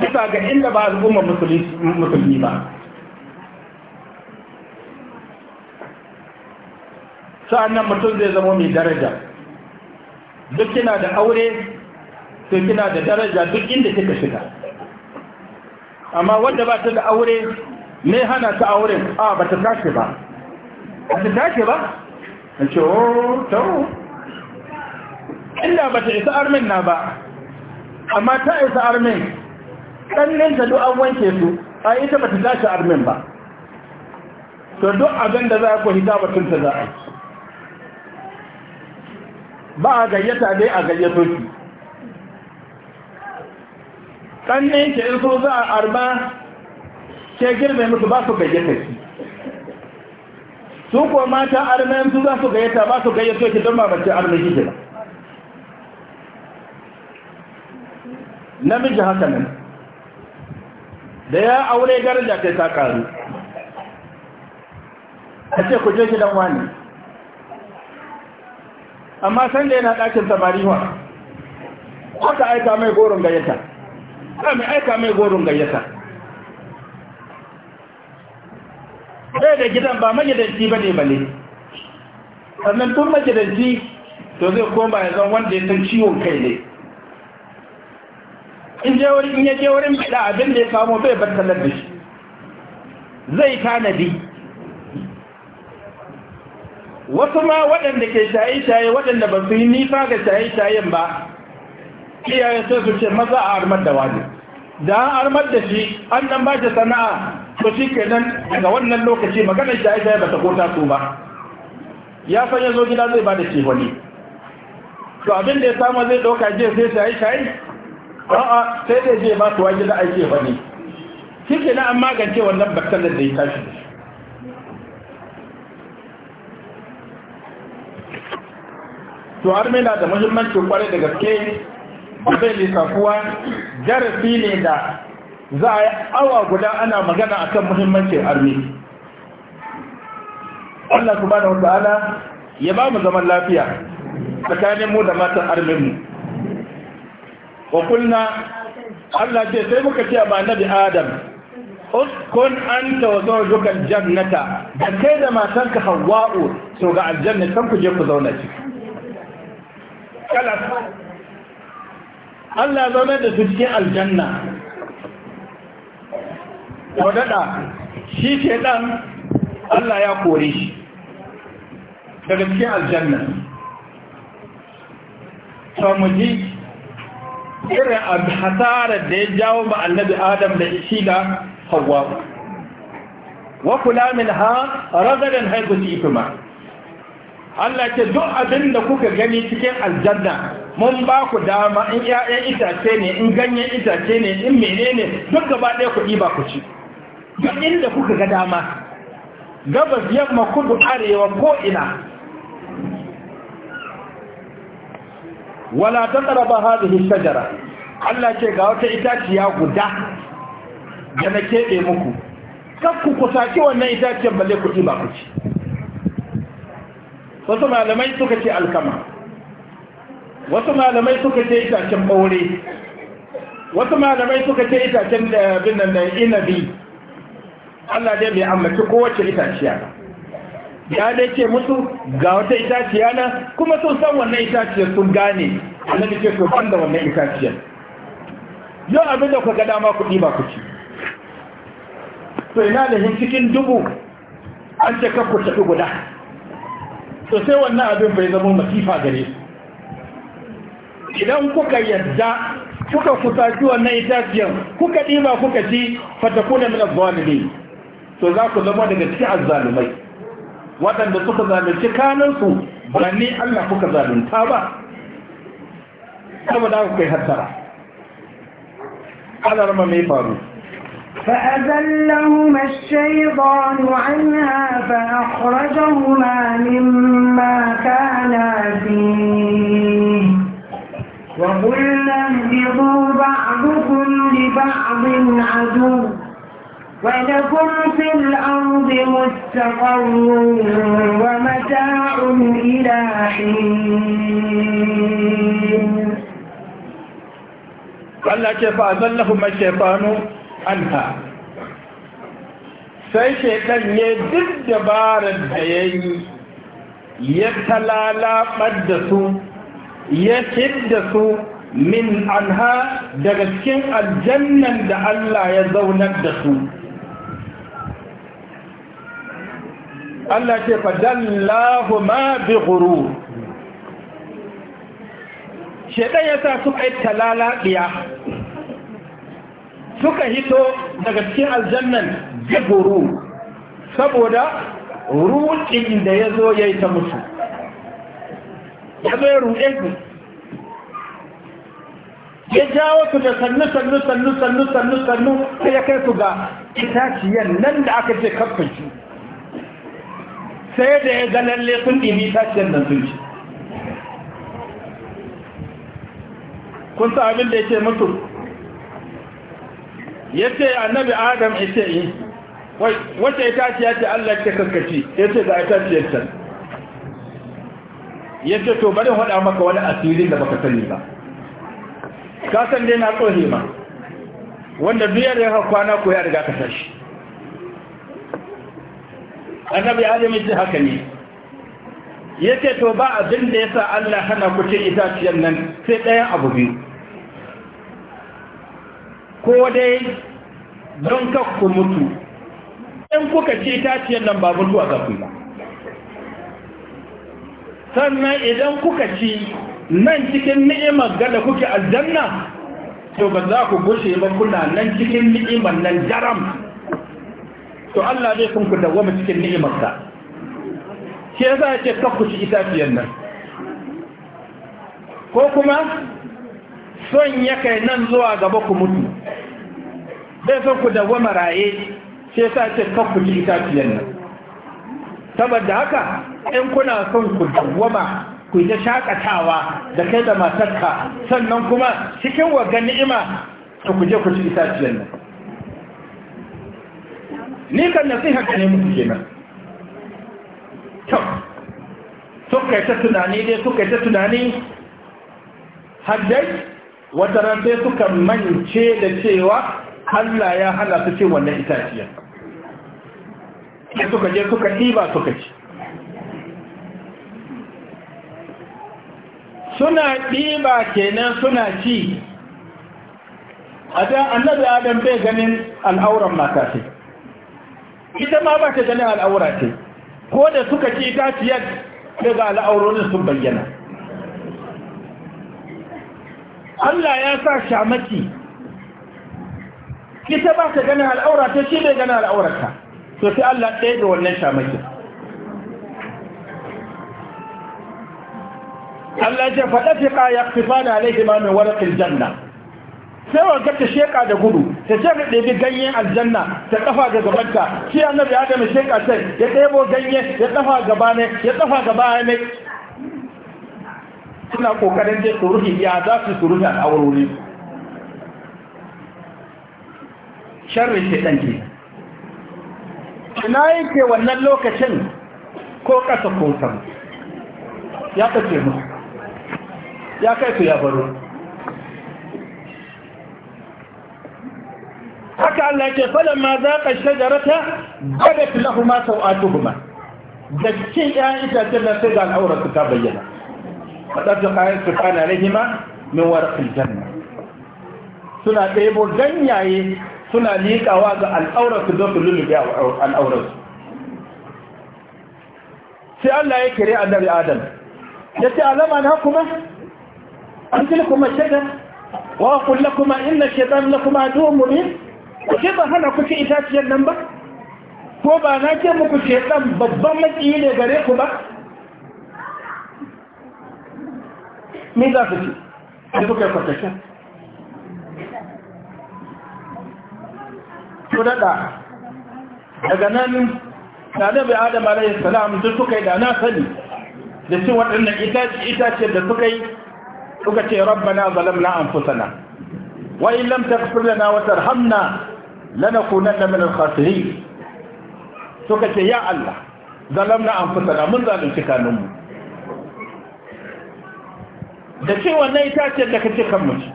bisa ga inda ba al'umman musulmi ba sa'annan mutum zai zama mai daraja duk kina da aure to kina da daraja duk inda kika shiga amma wanda ba ta da aure ne hana ta auren a ba ta tashi ba ba ta ba na ce o tau inda ba ta isa armin na ba amma ta isa armin ɗannin ta duk an wanke su a ita ba ta dace armin ba to duk abin da za a kwahi zabatun ta za a ba a gayyata dai a gayyato shi ɗannin ke in so za a arba ke girme musu ba su gayyata shi su ko mata armen su za su gayyata ba su gayyato ki don mamace armen kike ba namiji haka nan da ya aure garin kai ta karu a ce ku je ki dan wani amma san da yana ɗakin samariwa haka aika mai goron gayyata aka aika mai goron gayyata ɗaya da gidan ba magidanci ba ne bale sannan tun magidanci to zai koma ya zan wanda ya san ciwon kai ne in je in ya je wurin da abin da ya samu bai bar talar da shi zai tanadi wasu ma waɗanda ke shaye-shaye waɗanda ba su yi nisa ga shaye-shayen ba iyayen sai su ce maza a armar da wani da an armar da shi an ɗan ba shi sana'a to shi kenan daga wannan lokaci maganar shaye shaye ba ta ko su ba ya san ya zo gida zai ba da ce wani to abin da ya samu zai ɗauka je sai shaye shayi. a'a sai dai zai ba tuwa gida aiki ba wani shi kenan an magance wannan baktalar da ya tashi to har na da muhimmanci kwarai da gaske ba zai lissafuwa darasi ne da za a yi awa guda ana magana akan muhimmancin armi Allah bada wa ta'ala ya ba mu zaman lafiya tsakanin mu da matan armin mu wa kulna Allah ce sai muka ce ba nabi Adam uskun ta wa zawjuka jannata da kai da matanka Hawwa'u to ga aljanna san ku je ku zauna ci kala Allah zauna da su cikin aljanna to shi ce dan Allah ya kore shi daga cikin aljanna samuji mu ji irin hasarar da ya jawo ba annabi adam da shi da hawa wa kula min ha ragadan haiku ci Allah ce duk abin da kuka gani cikin aljanna mun ba ku dama in 'ya'yan itace ne in ganyen itace ne in menene duk gaba ɗaya kuɗi ba ku ci duk inda kuka ga dama gabas yamma kudu arewa ko ina wala taqraba hadhihi shajara Allah ce ga wata itaciya guda da na keɓe muku kar ku saki wannan itaciyar balle ku ba ku ci wasu malamai suka ce alkama wasu malamai suka ce itacen ɓaure wasu malamai suka ce itacen da eh, binan da eh, inabi Allah dai bai ambaci kowace itaciya ba ya dai ce musu ga wata itaciya na kuma sun san wannan itaciyar sun gane annabi ce to ban da wannan itaciyar yau abin da ku ga dama ku ba ku ci to ina da cikin dubu an ce ku tafi guda to sai wannan abin bai zama masifa gare su idan kuka yadda kuka kusaci wannan itaciyar kuka ɗiba kuka ci fatakuna min azzalimi to za ku zama daga cikin azzalumai waɗanda suka zalunci kanansu ba ni Allah kuka zalunta ba saboda ku kai hattara ana rama mai faru فأذلهما الشيطان عنها فأخرجهما مما كانا فيه وقلنا اهبطوا بعضكم لبعض عدو ولكم في الأرض مستقر ومتاع إلى حين قال كيف أذلهم الشيطان عنها sai shaitan ya duk dabarar da ya yi ya talalabar da su ya da su min an ha daga cikin aljannan da Allah ya zaunar da su Allah ce fadallahu ma bi guru shedan ya suka yi talala suka hito daga cikin aljannan bi guru saboda ruɗin da yazo zo ya yi ta musu ya zo ya ruɗe ya jawo su da sannu sannu sannu sannu sannu sai ya kai su ga itaciyar nan da aka ce kafin shi sai da ya ga lalle sun ɗimi tashiyar nan sun ci kun sa abin da ya ce mutu ya ce annabi adam ya ce yi eh, wacce ya tashi ya ce allah ya kaskaci ya ce za a tashiyar can ya ce to bari hada maka wani asirin da baka sani ba ka san dai na tsohe ma wanda biyar yadda ya kwana ko ya riga ka tashi annabi adam yace haka ne yace to ba abin da yasa Allah hana ku cin itaciyar nan sai daya abu biyu ko dai don ka ku mutu in kuka ci itaciyar nan ba mutuwa za ku ba sannan idan kuka ci nan cikin ni'imar gada kuke aljanna to ba za ku gushe ba kuna nan cikin ni'imar nan jaram to Allah zai kun ku dawwama cikin ni'imarsa shi yasa ya ce kakku shi itafiyan nan ko kuma son ya kai nan zuwa gaba ku mutu zai son ku dawwama raye shi yasa ya ce kakku shi itafiyan nan saboda haka in kuna son ku dawwama ku ta shakatawa da kai da matarka sannan kuma cikin wa ni'ima ku je ku ci itaciyar nan ni kan nasiha ka ne musu kenan to suka ta tunani dai suka ta tunani haddai wata ran sai suka mance da cewa Allah ya hana su cin wannan itaciya sai suka je suka ɗiba suka ci suna ɗiba kenan suna ci a da annabi adam bai ganin al'auran mata ita ma ba ta ganin al'aura ce ko da suka ci itaciyar daga al'aurorin sun bayyana Allah ya sa shamaki ita ba ta ganin al'aura ta shi bai ganin al'aurarta to sai Allah ɗaya da wannan shamakin Allah ya faɗa fiƙa ya fi fana alaihi ma min waraƙin janna sai wanda ta sheka da gudu ta ce ta ɗebi ganyen aljanna ta kafa ga gabanta shi nabi adam sheka sai ya ɗebo ganye ya kafa gaba ne ya kafa gaba ne suna kokarin da ruhi ya za su ruhi a wuri sharri ce ɗanke ina yake wannan lokacin ko ƙasa ko ya kace musu ya kai su ya baro haka Allah ke falon ma za ka shagarata gada filahu ma sau a tuhuma da cin ‘ya'yan itacen nan sai ga al'aurar su ta bayyana faɗar da kayan su kana rahima min warafin janna suna ɗebo ganyaye suna liƙawa ga al'aurar su don su lullube al'aurar su sai Allah ya kire annabi Adam ya ce alama na kuma an tilkuma shagar wa kullakuma inna shaitan lakuma aduwwun mubin ke ba hana kuke itaciyar nan ba ko ba na ce muku ce ɗan babban maƙiyi ne gare ku ba me za su ce? da suka yi kwatashen ku daɗa daga nan bai adam alayhi salam duk suka yi da na sani da cin waɗannan itaciyar da suka yi suka ce rabbana zalamna anfusana wa in lam taghfir lana wa tarhamna lanakunanna min al-khasirin suka ce ya Allah zalamna anfusana mun zalunci kanunmu da ce na itaciyar da kace kan muci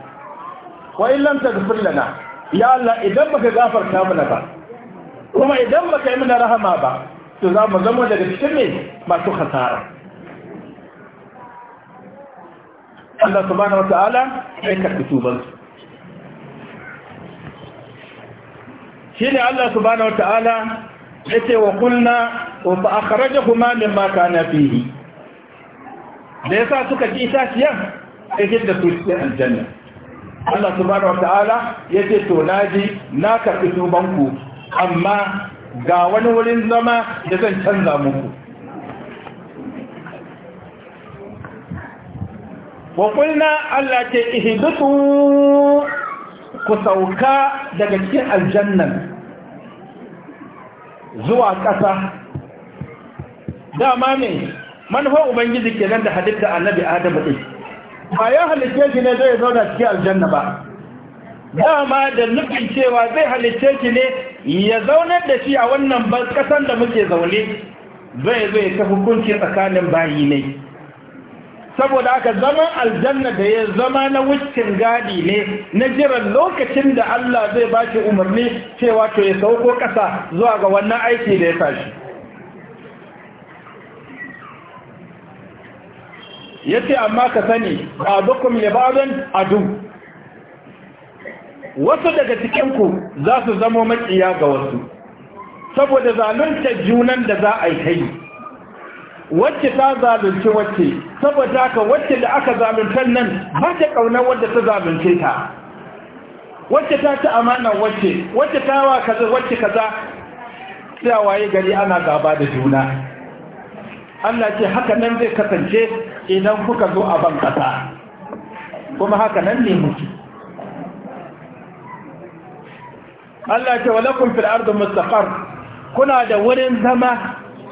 wa in lam lana ya Allah idan baka gafarta mana ba kuma idan baka yi mana rahama ba to za mu zama daga cikin ne masu khasara Allah subhanahu wa ta'ala ya tubansu ne Allah subhanahu wataala yace wa qulna wa fa akhrajahuma mimma na fihi da ya sa suka ji itaciyar a da su cikin aljanna Allah subhanahu ya yace to naji na karbi tubanku amma ga wani wurin zama ya zan canza muku wa kulna Allah ce ihbitu ku sauka daga cikin aljannan zuwa ƙasa dama ne manufar ubangiji ke nan da halitta annabi adam ɗin ba ya halitta ki ne zai zauna cikin aljanna ba dama da nufin cewa zai halitta ki ne ya zaunar da shi a wannan ƙasan da muke zaune zai zai ta hukunci tsakanin bayi ne saboda aka zama aljanna da ya zama na wuccin gadi ne na jiran lokacin da Allah zai ba shi umarni cewa to ya sauko ƙasa zuwa ga wannan aiki da ya tashi ya ce amma ka sani ba dukkan libarin adu wasu daga cikinku za su zama maƙiya ga wasu saboda zalunta junan da za a yi ta yi wacce ta zalunci wacce saboda haka wacce da aka zaluntar nan ba ta ƙaunar wadda ta zalunce ta wacce ta ci amanar wacce wacce ta wa kaza wacce kaza ta waye gari ana gaba da juna Allah ce haka nan zai kasance idan kuka zo a ban ƙasa kuma haka nan ne muke Allah ce walakun fil ardi mustaqar kuna da wurin zama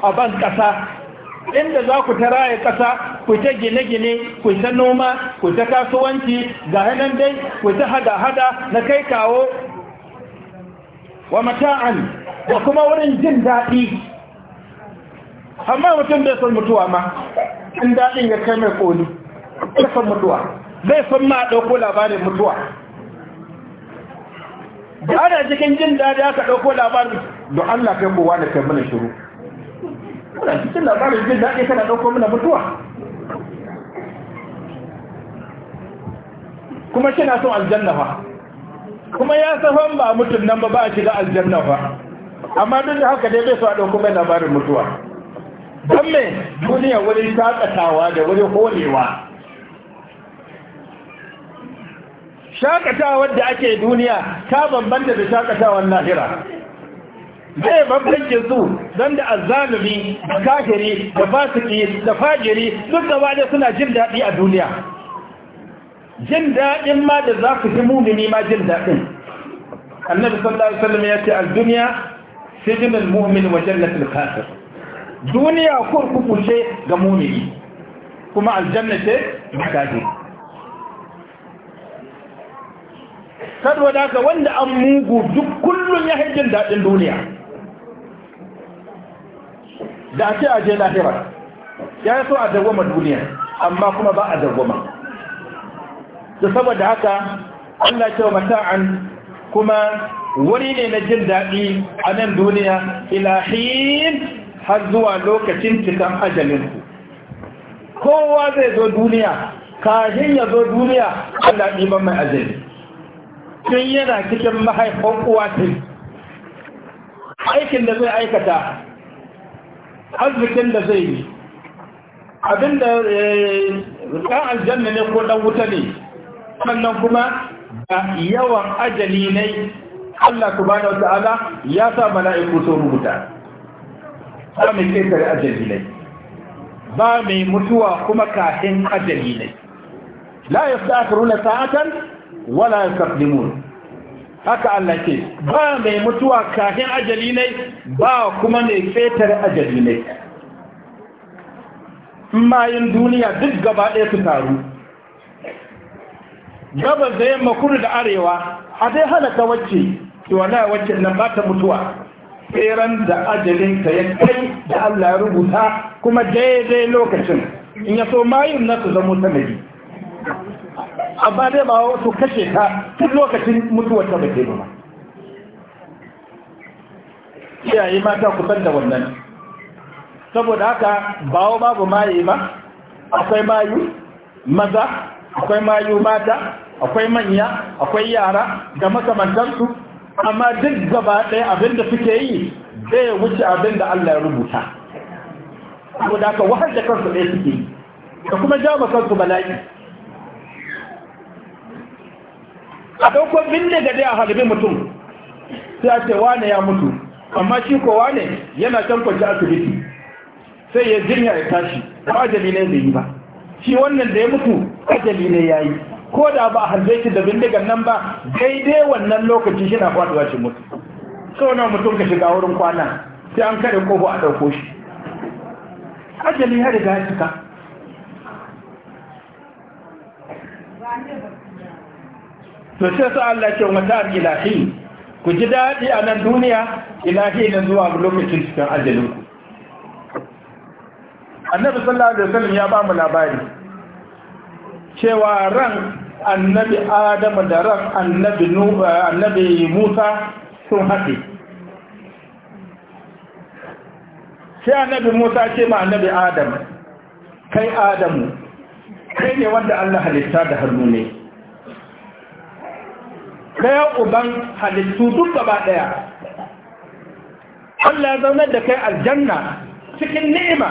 a ban ƙasa inda za ku ta ƙasa ku ta gine-gine ku ta noma ku ta kasuwanci ga hannun dai ku ta hada-hada na kai kawo wa mata'an da kuma wurin jin daɗi amma mutum bai son mutuwa ma jin daɗin ya kai mai koli ya san mutuwa bai san ma ɗauko labarin mutuwa da ana cikin jin daɗi aka ɗauko labarin don Allah kai kowa da kai mana shiru kuna cikin labarin jin daɗi kana ɗauko mana mutuwa kuma kina son aljanna fa kuma ya safan ba mutum nan ba ba a shiga aljanna fa amma duk da haka dai bai so a ɗauko mai labarin mutuwa don me duniya wurin shakatawa da wurin holewa shakatawa da ake duniya ta bambanta da shakatawan lahira zai bambancin su don da azalumi da kafiri da fasiki da fajiri duk gaba da suna jin daɗi a duniya jin daɗin ma da za ku ji mumini ma jin daɗin annabi sallallahu alaihi wasallam ya ce al-dunya sijnul mu'min wa jannatul kafir duniya kurkuku ce ga mumini kuma aljanna ce ga kafir saboda haka wanda an mugu duk kullun ya hajjin daɗin duniya da a ce a je lahira ya yi so a dagwama duniya amma kuma ba a dagwama da saboda haka Allah ya ce wa mata'an kuma wuri ne na jin daɗi a nan duniya ilahin har zuwa lokacin cikin ajalinku kowa zai zo duniya kashin ya zo duniya Allah ɗiban mai ajali tun yana cikin mahaifan uwa aikin da zai aikata arzikin da zai yi abinda eh, ɗan aljanna ne ko dan wuta ne sannan kuma da yawan ajali ne Allah subhanahu ta'ala ya sa mala'iku sun rubuta ba mai ƙetare ajali ne ba mai mutuwa kuma kafin ajali ne la yasta'khiruna sa'atan wala yastaqdimun haka Allah ke ba mai mutuwa kafin ajali ne ba kuma mai fetar ajali ne mayin duniya duk gaba ɗaya su taru Gaba da makuru makuru da arewa a dai halaka wacce a wacce nan ba ta mutuwa tseren da ajalin ta ya kai da Allah ya rubuta kuma daidai lokacin in yaso so mayun na su zamo sanadi amma dai ba wato kashe ta tun lokacin mutuwar ta bai ba iyaye mata san da wannan saboda haka bawo babu maye ma akwai mayu maza akwai mayu mata akwai manya akwai yara da makamantarsu amma duk gaba ɗaya abinda suke yi zai wuce abinda Allah ya rubuta saboda haka wahal da kansu ɗaya suke yi da kuma jawo kansu bala'i a dauko binne da dai a halibin mutum sai a ce wane ya mutu amma shi ko wane yana can kwanci asibiti sai ya jinya ya tashi ba ajali ne zai yi ba shi wannan da ya mutu ajali ne ya yi ko da ba a halbe shi da bindigan nan ba daidai wannan lokaci shi na faduwa shi mutu sau na mutum ka shiga wurin kwana sai an kare kofo a ɗauko shi ajali ya riga ya cika to sai sa Allah ke mata ilahi ku ji daɗi a nan duniya ilahi nan zuwa lokacin cikin ajalin ku annabi sallallahu alaihi wasallam ya ba mu labari cewa ran annabi Adam da ran annabi Nuba eh, annabi Musa sun haɗe sai annabi Musa ce ma annabi Adam kai Adamu kai ne wanda Allah halitta da hannu ne ɗaya uban halittu duk gaba ɗaya Allah ya zaunar da kai aljanna cikin ni'ima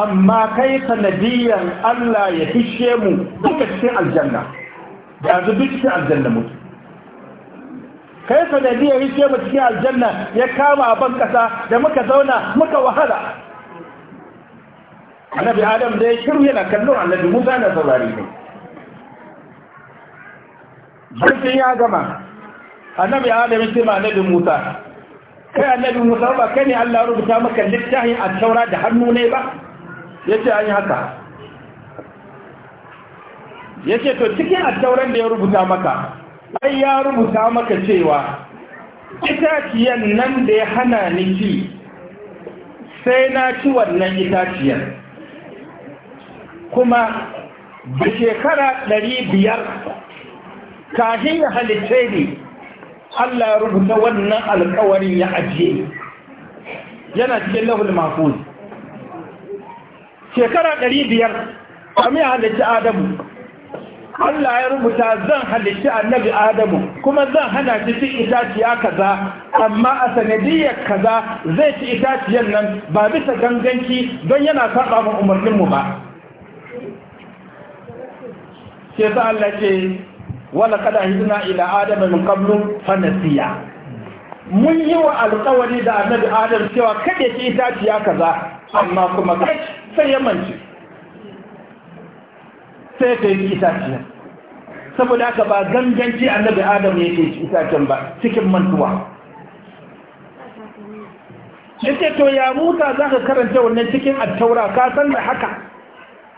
amma kai sanadiyyar Allah ya fishe mu duka cikin aljanna ya zu duk cikin aljanna mutu kai sanadiyyar ya fishe mu cikin aljanna ya kama a ban kasa da muka zauna muka wahala annabi adam da ya shiru yana kallon annabi musa na saurari ne barkin ya gama annabi adam ya ce ma annabi musa kai annabi musa ba kai ne allah rubuta maka littafin a taura da hannu ne ba ya ce an yi haka ya ce to cikin a tauran da ya rubuta maka ai ya rubuta maka cewa itaciyan nan da ya hana ni ci sai na ci wannan itaciyar kuma da shekara ɗari biyar kafin ya halitta ne Allah ya rubuta wannan alkawarin ya ajiye yana cikin lahul mafuz shekara ɗari biyar kami halitta adamu Allah ya rubuta zan halitta annabi adamu kuma zan hana shi cin itaciya kaza amma a sanadiyar kaza zai ci itaciyar nan ba bisa ganganci don yana saba ma umarninmu ba ke sa Allah ce wala kada hidna ila adam min qablu fa nasiya mun yi wa alƙawari da annabi adam cewa kada ki itaciya kaza amma kuma kai sai ya mance sai ta yi itaciya saboda haka ba ganganci annabi adam ya ce itacen ba cikin mantuwa yace to ya muta za ka karanta wannan cikin attaura ka san da haka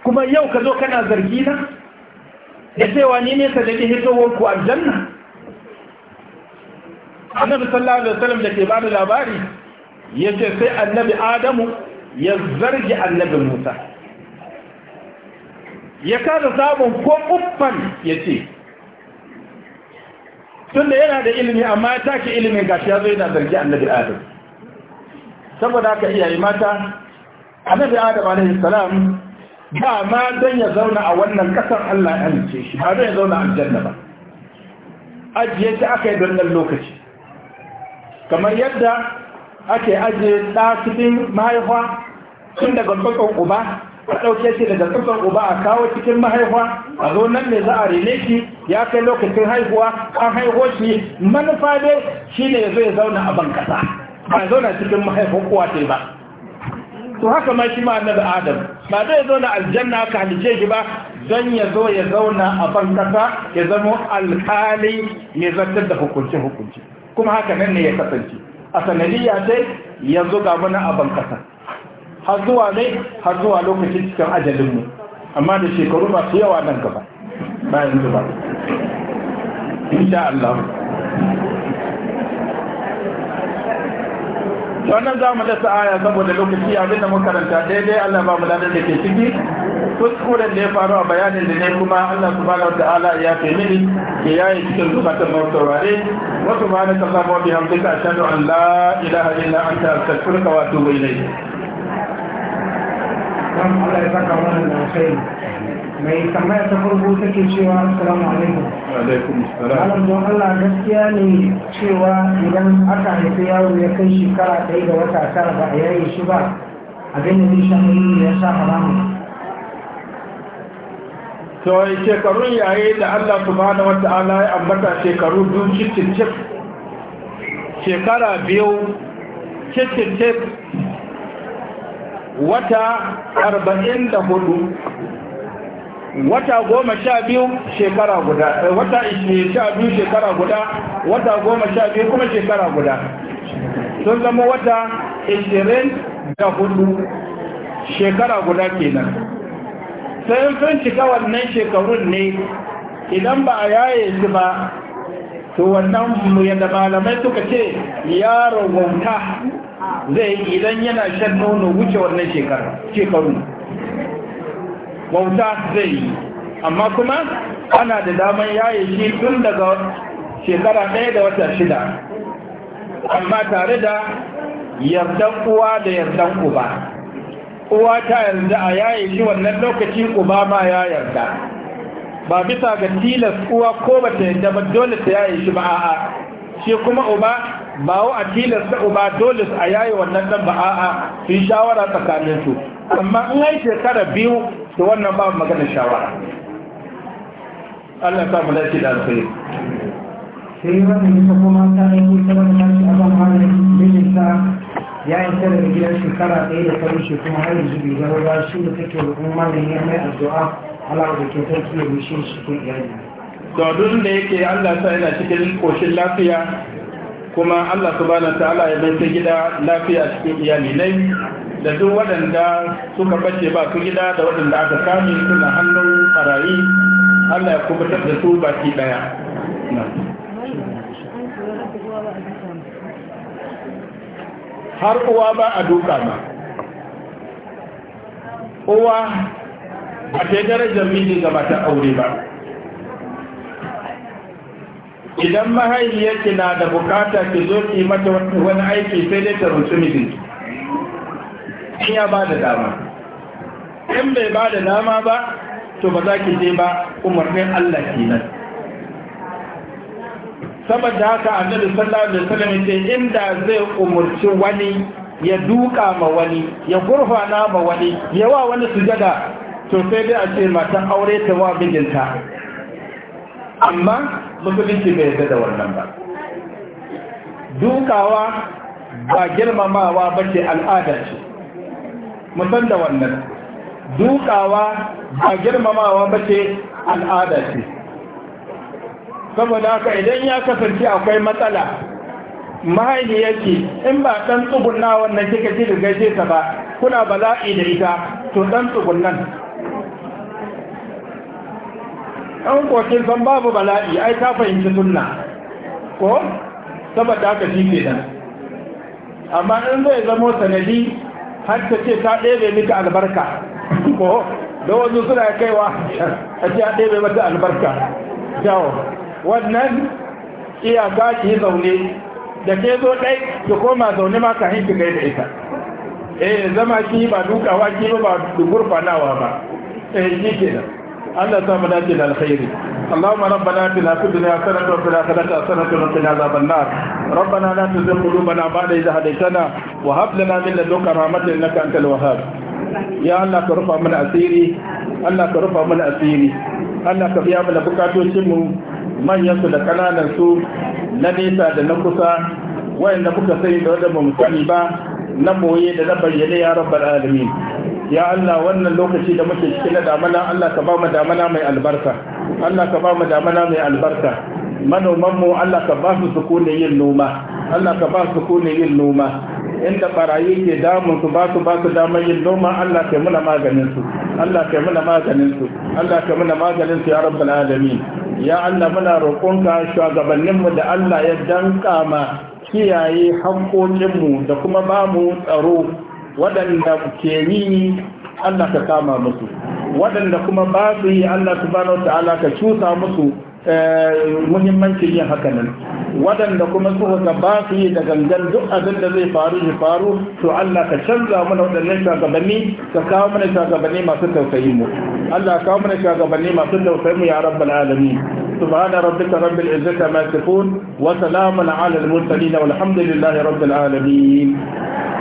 kuma yau ka zo kana zargi na da cewa ni ne sadaki hitowar ku aljanna annabi sallallahu alaihi wasallam da ke ba da labari ya ce sai annabi adamu ya zargi annabi musa ya kada samun ko uffan ya ce tunda yana da ilimi amma ya take ilimin gashi ya zo yana zargi annabi Adamu. saboda haka iyaye mata annabi Adamu alaihi salam ba ma don ya zauna a wannan kasar Allah ya halice shi ba don ya zauna a aljanna ba ajiye ta aka don nan lokaci kamar yadda ake ajiye ɗa cikin mahaifa tun daga tsakon uba a ɗauke shi daga tsakon uba a kawo cikin mahaifa a zo nan ne za a rene shi ya kai lokacin haihuwa an haihuwa shi manufa dai shi ne ya zo ya zauna a ban ƙasa ba zauna cikin mahaifin uwa ce ba to haka ma shi ma annabi adam ba zai zo na aljanna ka halice shi ba don ya zo ya zauna a bankasa ya zama alkali mai zartar da hukunci-hukunci kuma haka nan ne ya kasance a sanadiyya sai ya zo ga muna a bankasa har zuwa ne har zuwa lokacin cikin ajalinmu amma da shekaru masu yawa nan gaba bayan zuba insha Allah wannan za mu dasa aya saboda lokaci abinda makaranta daidai Allah ba mu ladar da ke ciki kuskuren da ya faru a bayanin da ne kuma Allah subhanahu ta'ala ya fi mini ke yayi cikin zukatan ta saurare wa subhanaka allahumma wa bihamdika ashhadu an la ilaha illa anta astaghfiruka wa atubu ilayk Allah ya saka wannan da mai tambaya ta farko take cewa assalamu alaikum alaikum don Allah gaskiya ne cewa idan aka haifi yaro ya kai shekara ɗaya da wata tara ba a yaye shi ba a ganin ne ya sa haramun to shekarun yayi da Allah su wata ala ya ambata shekaru biyu cikin shekara biyu cikin wata arba'in da hudu wata goma sha biyu shekara guda eh, wata sha biyu shekara guda wata goma sha biyu kuma shekara guda sun zama wata ishirin da hudu shekara guda kenan sai sun cika wannan shekarun ne idan ba a yaye su ba to wannan yadda malamai suka ce yaron wauta zai idan yana shan nono wuce wannan shekaru bauta zai yi amma kuma ana da damar yaye shi tun daga shekara ɗaya da wata shida amma tare da yardan uwa da yardan uba uwa ta yarda a yaye shi wannan lokacin uba ma ya yarda ba bisa ga tilas uwa ko ba ta yarda ba dole ta yaye shi ba a'a shi kuma uba ba wa a tilas ta uba dole a yaye wannan dan ba a'a sun shawara tsakaninsu amma in yi shekara biyu to wannan ba magana shawara Allah ya samu dace da alkhairi sai wannan yasa kuma ta yi kusa wani tashi a ban halin mijinta ya yi ta da gidan shekara ɗaya da farin shi kuma har yanzu bai zama ba shi da take da kuma malami ya mai addu'a Allah da ke sarki da rushe shi ko iyali to duk da yake Allah sa yana cikin koshin lafiya kuma Allah subhanahu wa ta'ala ya bai ta gida lafiya cikin iyali nai da duk waɗanda suka bace ba su gida da waɗanda aka kame suna hannun ɓarayi Allah ya kuma da su baki ɗaya. Har uwa ba a duka ba. Uwa ba ta yi darajar miji ga mata aure ba. Idan mahaifiyarki na da bukata ki zo ki mata wani aiki sai dai ta rusu mijinki. in ya ba da dama in bai ba da dama ba to ba za ki je ba umarnin Allah ke nan saboda haka annabi sallallahu alaihi wasallam ce inda zai umurci wani ya duka ma wani ya gurfana ma wani ya wa wani sujada to sai dai a ce matan aure ta wa mijinta amma musulunci bai yarda da wannan ba dukawa ba girmamawa ba ce al'ada ce musan da wannan dukawa ba girmamawa ba ce al'ada ce saboda haka idan ya kasance akwai matsala ya ce in ba ɗan tsugunna wannan kika ci daga ta ba kuna bala'i da ita to ɗan tsugunnan ɗan kokin san babu bala'i ai ta fahimci sunna ko saboda haka shi ke nan amma in zai zamo sanadi har ta ce ta ɗebe mika albarka ko da wasu suna kaiwa a ce a ɗebe mata albarka jawo wannan iyaka ki zaune da ke zo ɗai ki koma zaune ma kahin ki da ita eh zama ki ba dukawa ki ba ba gurfanawa ba eh ki kenan Allah ta mu dace da alkhairi اللهم ربنا اتنا في الدنيا حسنه وفي الاخره حسنه وقنا عذاب النار ربنا لا تزغ قلوبنا بعد اذ هديتنا وهب لنا من لدنك رحمه انك انت الوهاب يا الله كرفع من اسيري الله كرفع من اسيري Allah ka biya mana bukatocinmu manyansu da su, na nesa da na kusa wayanda muka sani da wadda ba mu na boye da na bayyane ya rabbal alamin ya Allah wannan lokaci da muke cikin na damana Allah ka ba mu damana mai albarka Allah ka ba mu damana mai albarka manomanmu Allah ka ba su sukunin yin noma Allah ka ba su sukunin yin noma inda barayi ke damun su ba su ba su damar yin noma Allah ke muna maganin su Allah ke muna maganin su Allah ke muna maganin su ya rabbal alamin ya Allah muna roƙonka shugabanninmu da Allah ya danka ma kiyaye haƙoƙinmu da kuma ba mu tsaro waɗanda ke yi Allah ka kama musu waɗanda kuma ba su yi Allah subhanahu wa ta'ala ka cusa musu eh, muhimmancin yin haka nan. waɗanda kuma suka ba su yi da gangan duk abin da zai faru ya faru to Allah ka canza mana waɗannan shugabanni ka kawo mana shugabanni masu tausayi mu Allah kawo mana shugabanni masu tausayi mu ya rabbal alamin سبحان ربك رب العزة ما يصفون وسلام على المرسلين والحمد لله رب العالمين